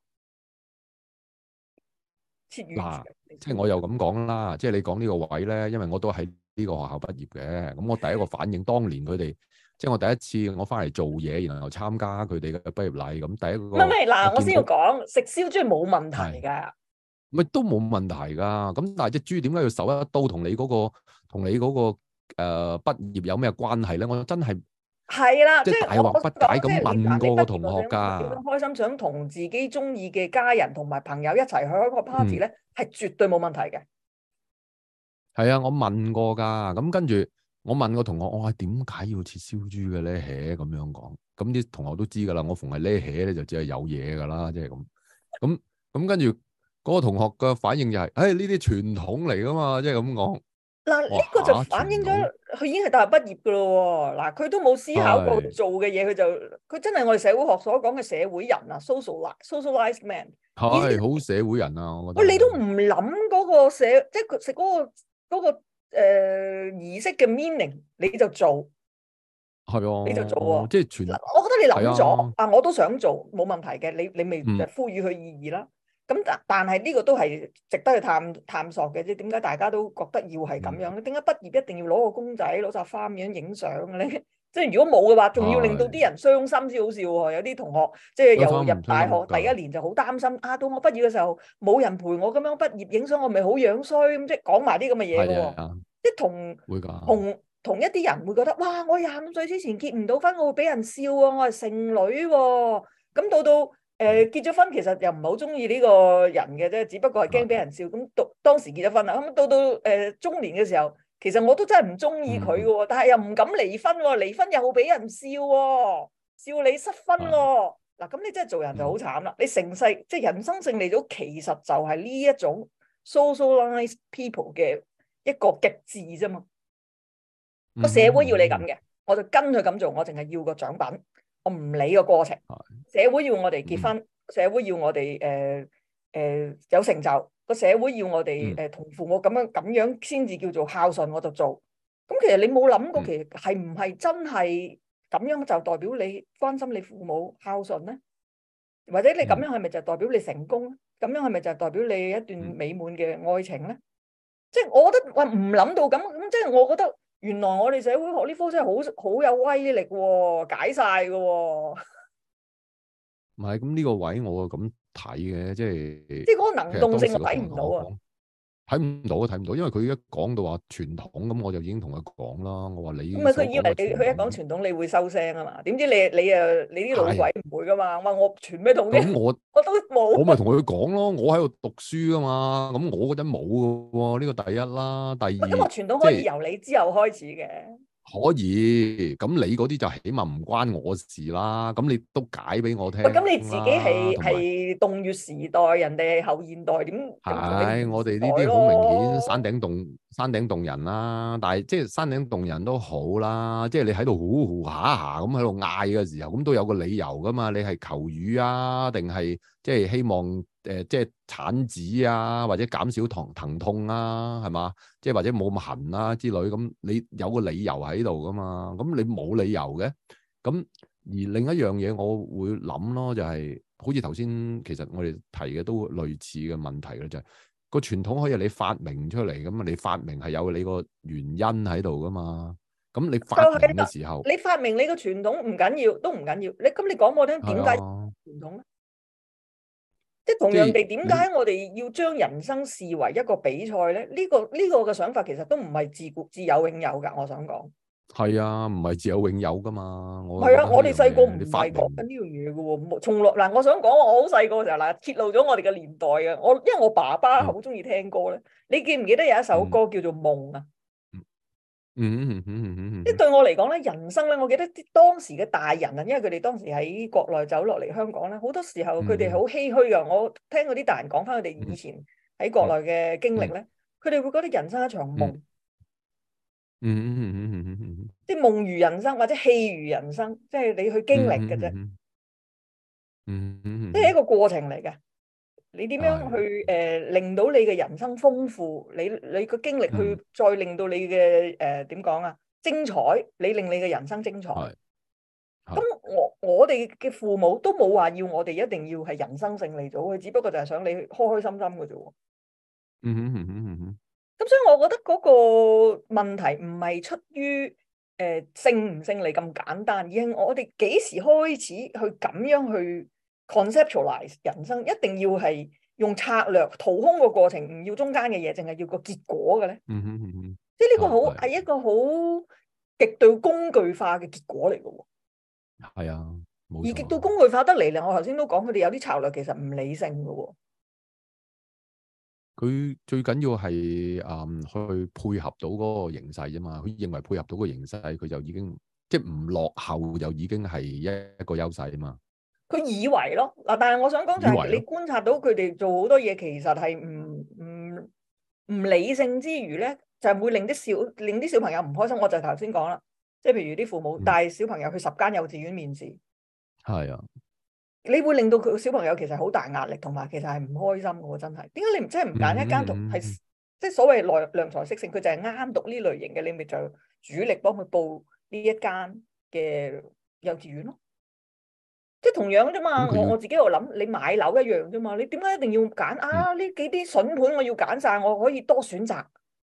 切嗱、啊，即係我又咁講啦，即係你講呢個位咧，因為我都喺呢個學校畢業嘅，咁我第一個反應，的當年佢哋，即係我第一次我翻嚟做嘢，然後又參加佢哋嘅畢業禮，咁第一個，唔係嗱，我先要講，食燒豬係冇問題㗎，乜都冇問題㗎，咁但係隻豬點解要受一刀同你嗰個同你嗰個？誒，畢業有咩關係咧？我真係係啦，即係大惑不解咁問過個同學噶，我開心想同自己中意嘅家人同埋朋友一齊去開個 party 咧，係絕對冇問題嘅。係啊，我問過噶，咁跟住我問個同學，我話點解要切燒豬嘅咧？起咁樣講，咁啲同學都知噶啦，我逢係咧起咧就只係有嘢噶啦，即係咁，咁咁跟住嗰個同學嘅反應就係，誒呢啲傳統嚟噶嘛，即係咁講。嗱，呢個就反映咗佢已經係大學畢業噶咯。嗱，佢都冇思考過做嘅嘢，佢的就佢真係我哋社會學所講嘅社會人啊，socialize socialized man，係的是好社會人啊，我覺得。喂，你都唔諗嗰個社，即係食、那個、那個誒儀、呃、式嘅 meaning，你就做，係啊的，你就做啊，即係、哦就是、全。我覺得你諗咗，的啊，我都想做，冇問題嘅，你你未賦予佢意義啦。嗯咁但係呢個都係值得去探探索嘅，啫。即係點解大家都覺得要係咁樣咧？點解、嗯、畢業一定要攞個公仔攞紮花咁樣影相咧？即 *laughs* 係如果冇嘅話，仲要令到啲人傷心先好笑喎。哎、有啲同學即係由入大學第一年就好擔心，啊到我畢業嘅時候冇人陪我咁樣畢業影相，我咪好樣衰咁，即係講埋啲咁嘅嘢嘅喎。即係的同的同同一啲人會覺得哇！我廿五歲之前結唔到婚，我會俾人笑啊，我係剩女喎。咁到到。誒、uh, 結咗婚其實又唔係好中意呢個人嘅啫，只不過係驚俾人笑。咁到、啊、當時結咗婚啦，咁到到誒、呃、中年嘅時候，其實我都真係唔中意佢喎，嗯、但係又唔敢離婚，離婚又好俾人笑、哦，笑你失婚喎。嗱、啊，咁你真係做人就好慘啦。嗯、你成世即係、就是、人生勝利組，其實就係呢一種 socialize people 嘅一個極致啫嘛。個社會要你咁嘅，我就跟佢咁做，我淨係要個獎品。我唔理個過程，社會要我哋結婚，社會要我哋誒誒有成就，個社會要我哋誒同父母咁樣咁樣先至叫做孝順，我就做。咁其實你冇諗過，其實係唔係真係咁樣就代表你關心你父母孝順呢？或者你咁樣係咪就代表你成功？咁樣係咪就代表你一段美滿嘅愛情呢？即係我覺得我唔諗到咁，咁即係我覺得。原來我哋社會學呢科真係好好有威力。哦，解晒㗎、哦。唔係咁，呢個位我會咁睇嘅，即係即係嗰個能動性我睇唔到啊。睇唔到啊，睇唔到，因為佢一講到話傳統咁，我就已經同佢講啦。我話你，你。唔係佢以為佢一講傳統，你會收聲啊嘛？點知你你啊你啲老鬼唔會噶嘛？話、哎、呀我傳咩統啫？我我都冇。我咪同佢講咯，我喺度讀書噶嘛。咁我嗰陣冇噶喎，呢、這個第一啦，第二。咁我傳統可以由你之後開始嘅。就是可以，咁你嗰啲就起碼唔關我事啦。咁你都解俾我聽。喂，咁你自己係係洞穴時代，人哋後現代點？係，我哋呢啲好明顯，山頂洞山頂洞人啦。但係即係山頂洞人都好啦，即係你喺度呼呼下下咁喺度嗌嘅時候，咁都有個理由噶嘛。你係求雨啊，定係即係希望？誒、呃，即係產子啊，或者減少疼疼痛啊，係嘛？即係或者冇痕啊之類咁，你有個理由喺度噶嘛？咁你冇理由嘅。咁而另一樣嘢，我會諗咯，就係、是、好似頭先，其實我哋提嘅都類似嘅問題咧，就係個傳統可以係你發明出嚟咁啊？你發明係有你個原因喺度噶嘛？咁你發明嘅時候，你發明你個傳統唔緊要，要，都唔緊要，要。你咁你講我聽，點解傳統咧？即同樣地，點解你我哋要將人生視為一個比賽咧？呢個呢個嘅想法其實都唔係自古自有永有噶。我想講，係啊，唔係自有永有噶嘛。我係啊，我哋細個唔係講緊呢樣嘢噶喎。從來嗱，我想講我好細個嘅時候嗱，揭露咗我哋嘅年代嘅我，因為我爸爸好中意聽歌咧。嗯、你記唔記得有一首歌叫做《夢》啊？嗯嗯嗯嗯嗯嗯嗯，即係對我嚟講咧，人生咧，我記得當時嘅大人啊，因為佢哋當時喺國內走落嚟香港咧，好多時候佢哋係好唏噓嘅。我聽嗰啲大人講翻佢哋以前喺國內嘅經歷咧，佢哋會覺得人生一場夢。嗯嗯嗯嗯嗯嗯，即係夢如人生或者戲如人生，即係你去經歷嘅啫。嗯嗯嗯，即係一個過程嚟嘅。你點樣去誒、呃、令到你嘅人生豐富？你你個經歷去再令到你嘅誒點講啊？精彩！你令你嘅人生精彩。咁、嗯嗯、我我哋嘅父母都冇話要我哋一定要係人生勝利組，佢只不過就係想你開開心心嘅啫、嗯。嗯哼嗯哼嗯哼。咁所以我覺得嗰個問題唔係出於誒勝唔勝利咁簡單，而係我哋幾時開始去咁樣去。conceptualize 人生一定要係用策略掏空個過程，唔要中間嘅嘢，淨係要個結果嘅咧。嗯哼嗯哼，即係呢個好係一個好極度工具化嘅結果嚟嘅喎。係啊，而極度工具化得嚟咧，我頭先都講佢哋有啲策略其實唔理性嘅喎。佢最緊要係誒、嗯、去配合到嗰個形勢啫嘛。佢認為配合到個形勢，佢就已經即係唔落後，就已經係一個優勢啊嘛。佢以為咯，嗱，但係我想講就係你觀察到佢哋做好多嘢，其實係唔唔唔理性之餘咧，就係、是、會令啲小令啲小朋友唔開心。我就係頭先講啦，即係譬如啲父母帶小朋友去十間幼稚園面試，係啊、嗯，你會令到佢嘅小朋友其實好大壓力，同埋其實係唔開心嘅喎，真係。點解你唔真係唔揀一間讀係即係所謂內量才適性？佢就係啱讀呢類型嘅，你咪就主力幫佢報呢一間嘅幼稚園咯。即係同樣啫嘛，我我自己又諗，你買樓一樣啫嘛，你點解一定要揀啊？呢幾啲筍盤我要揀晒，我可以多選擇。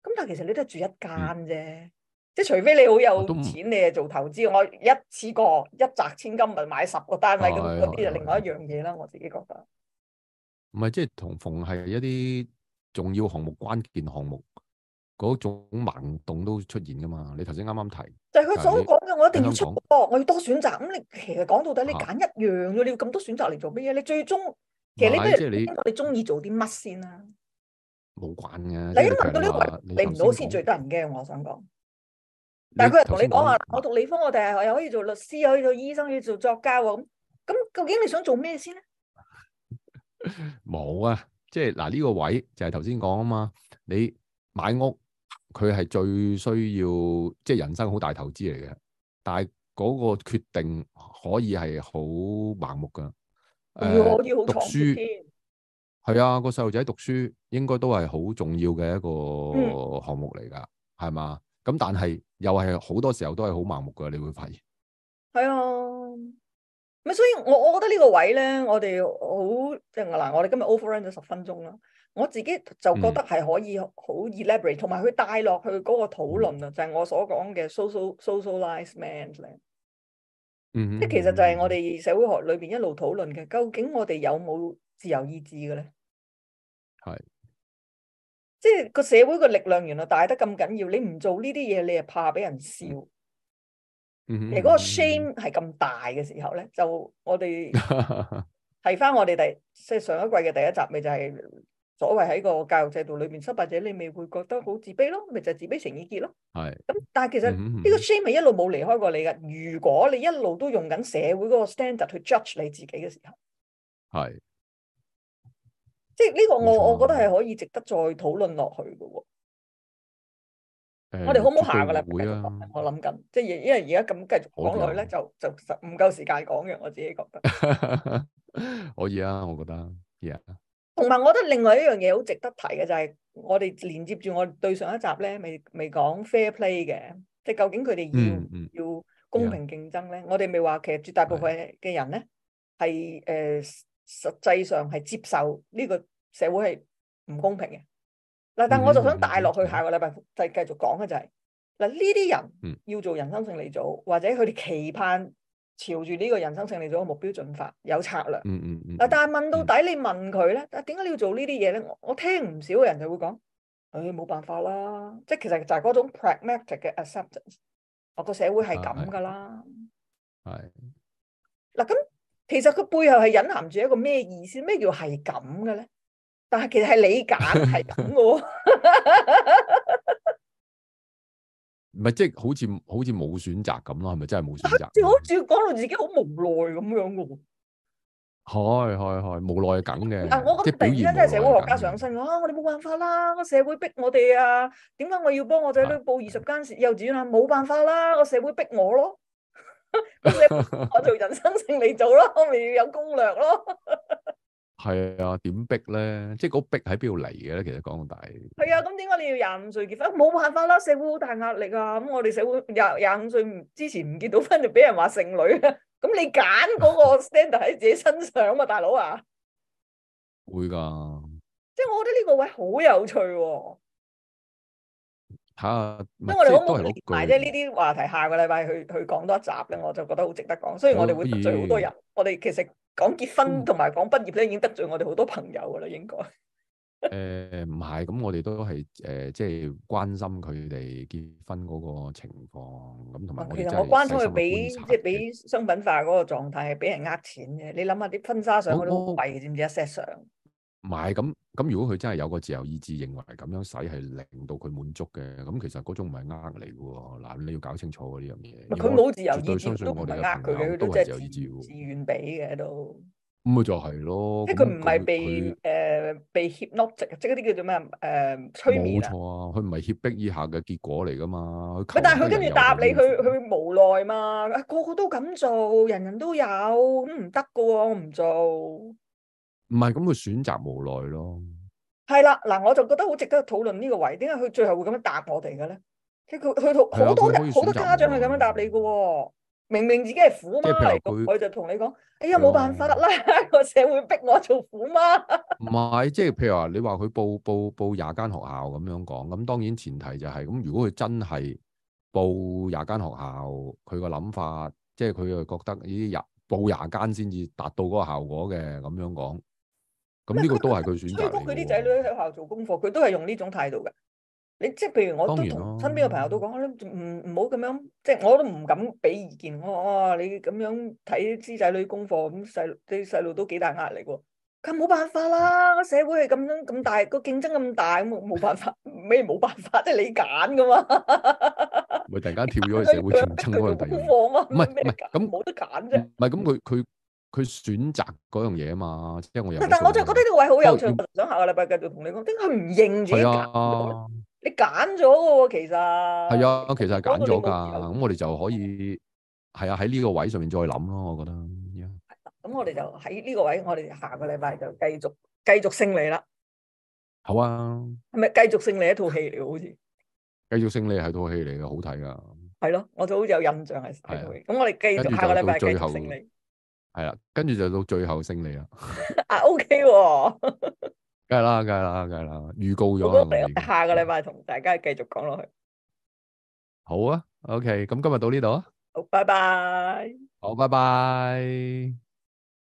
咁但係其實你都係住一間啫，嗯、即係除非你好有錢，你係做投資，我，我一次過一擲千金咪買十個單位咁嗰啲，啊、就另外一樣嘢啦。我自己覺得唔係，即係同逢係一啲重要項目、關鍵項目。嗰種盲動都出現噶嘛？你頭先啱啱提，就係佢所講嘅，是我一定要出國，港我要多選擇。咁你其實講到底，你揀一樣嘅，啊、你要咁多選擇嚟做乜嘢？你最終其實你不如你中意做啲乜先啦、啊，冇關嘅。你一問到呢個位，你唔到先最得人驚。我想講，但係佢又同你講話，我讀理科，我哋係又可以做律師，可以做醫生，要做，做作家喎。咁咁究竟你想做咩先咧？冇 *laughs* *laughs* 啊，即係嗱呢個位就係頭先講啊嘛，你買屋。佢係最需要，即係人生好大投資嚟嘅，但係嗰個決定可以係好盲目噶，要可以好慘啲。讀書、嗯、啊，個細路仔讀書應該都係好重要嘅一個項目嚟噶，係嘛、嗯？咁但係又係好多時候都係好盲目噶，你會發現。係啊，咪所以，我我覺得呢個位咧，我哋好即係嗱，我哋今日 overrun 咗十分鐘啦。我自己就覺得係可以好 elaborate 同埋佢帶落去嗰個討論啊，嗯、就係我所講嘅 social, social man, socialize man 咧。即係其實就係我哋社會學裏邊一路討論嘅，究竟我哋有冇自由意志嘅咧？係是，即係個社會嘅力量原來大得咁緊要，你唔做呢啲嘢，你又怕俾人笑。嗯，嗯而嗰個 shame 係咁大嘅時候咧，就我哋提翻我哋第即係 *laughs* 上一季嘅第一集咪就係，是。所謂喺個教育制度裏邊失敗者，你咪會覺得好自卑咯，咪就係自卑情意結咯。係是。咁但係其實呢個 shame 係一路冇離開過你噶。如果你一路都用緊社會嗰個 standard 去 judge 你自己嘅時候，係是。即係呢個我我覺得係可以值得再討論落去嘅喎。是我哋好唔好下個禮拜會啊？我諗緊，即係因為而家咁繼續講落去咧，就就唔夠時間講嘅，我自己覺得。 *laughs* 可以啊，我覺得，yeah。同埋，我覺得另外一樣嘢好值得提嘅就係、是，我哋連接住我對上一集咧，未未講 fair play 嘅，即係究竟佢哋要、嗯嗯、要公平競爭咧？嗯嗯、我哋未話其實絕大部分嘅人咧，係誒實際上係接受呢個社會係唔公平嘅。嗱、嗯，嗯嗯、但我就想帶落去下個禮拜就繼續講嘅就係、是，嗱呢啲人要做人生勝利組，或者佢哋期盼。朝住呢個人生勝利組嘅目標進發，有策略。嗯嗯嗯。嗱，但係問到底你問佢咧，點解你要做呢啲嘢咧？我聽唔少人就會講，誒，冇辦法啦，即係其實就係嗰種 pragmatic 嘅 acceptance。我個社會係咁噶啦。係。嗱，咁其實佢背後係隱含住一個咩意思？咩叫係咁嘅咧？但係其實係你揀係咁嘅喎。唔係即係好似好似冇選擇咁咯，係咪真係冇選擇？即係好似講到自己好無奈咁樣噶喎。係係係無奈嘅梗嘅。啊，價價我覺得啲人咧真係社會學家上身，我啊，我哋冇辦法啦，個社會逼我哋啊。點解我要幫我仔女報二十間幼稚園啊？冇辦法啦，個社會逼我咯。我做人生勝利嚟，做咯，我咪要有攻略咯。係啊，點逼咧？即係嗰逼喺邊度嚟嘅咧？其實講到底，係啊，咁點解你要廿五歲結婚？冇辦法啦，社會好大壓力啊！咁我哋社會廿廿五歲之前唔結到婚就俾人話剩女啊！咁你揀嗰個 standard 喺自己身上啊嘛，大佬啊，會㗎。即係我覺得呢個位好有趣喎、啊。吓，所、啊、我哋都冇連即啫。呢啲話題下個禮拜去去講多一集咧，我就覺得好值得講。所以我哋會得罪好多人。呃、我哋其實講結婚同埋講畢業咧，已經得罪我哋好多朋友噶啦，應該。誒、呃，唔係，咁我哋都係誒，即、呃、係、就是、關心佢哋結婚嗰個情況，咁同埋其實我，我關心佢俾即係俾商品化嗰個狀態，係俾人呃錢嘅。你諗下啲婚紗相嗰都好貴，知唔知一 set 相？買咁咁，如果佢真係有個自由意志，認為咁樣使係令到佢滿足嘅，咁其實嗰種唔係呃嚟嘅。嗱，你要搞清楚呢樣嘢。佢冇自由意志，都唔係呃佢都係自由意志自願俾嘅都。咁咪就係咯。呃、被 ostic, 即係佢唔係被誒被脅迫，即係嗰啲叫做咩誒催眠。冇錯啊，佢唔係脅迫以下嘅結果嚟噶嘛。唔但係佢跟住答你，佢佢無奈嘛。個個都咁做，人人都有，唔得噶，我唔做。唔係咁，佢選擇無奈咯。係啦，嗱，我就覺得好值得討論呢個位，點解佢最後會咁樣答我哋嘅咧？即係佢，佢好多好多家長係咁樣答你嘅喎。明明自己係苦媽嚟佢就同你講，哎呀，冇辦法啦，個社會逼我做苦媽。唔係，即係譬如話，你話佢報報報廿間學校咁樣講，咁當然前提就係、是、咁。如果佢真係報廿間學校，佢個諗法即係佢又覺得呢啲入報廿間先至達到嗰個效果嘅咁樣講。咁呢個都係佢選擇嚟嘅。佢啲仔女喺學校做功課，佢都係用呢種態度嘅。你即係譬如，我都同身邊嘅朋友都講唔唔好咁樣。即係我都唔敢俾意見。我話你咁樣睇啲仔女功課，咁細啲細路都幾大壓力喎。佢冇辦法啦，社會係咁樣咁大，個競爭咁大，冇冇辦法咩？冇辦法，即係你揀噶嘛。咪突然間跳咗去社會競爭嘅地方。功課嘛，唔係唔係咁冇得揀啫。唔係咁，佢佢。佢選擇嗰樣嘢啊嘛，即我有。但我就覺得呢個位好有趣，為想下個禮拜繼續同你講。點解佢唔認住？啊、你揀咗喎，其實係啊，其實揀咗噶。咁我哋就可以係、嗯、啊，喺呢個位上面再諗咯。我覺得咁、啊，我哋就喺呢個位，我哋下個禮拜就繼續繼續勝利啦。好啊，係咪繼續勝利一套戲嚟？好似繼續勝利係套戲嚟嘅，好睇噶。係咯、啊，我就好似有印象係。咁、啊、我哋繼續下個禮拜最後勝利。係啦，跟住就到最後勝利啦。啊，OK，梗係啦，梗係啦，梗係啦，預告咗， *laughs* 嗯、下個禮拜同 *laughs* 大家繼續講落去。好啊，OK，咁今日到呢度啊。好，拜拜。好，拜拜。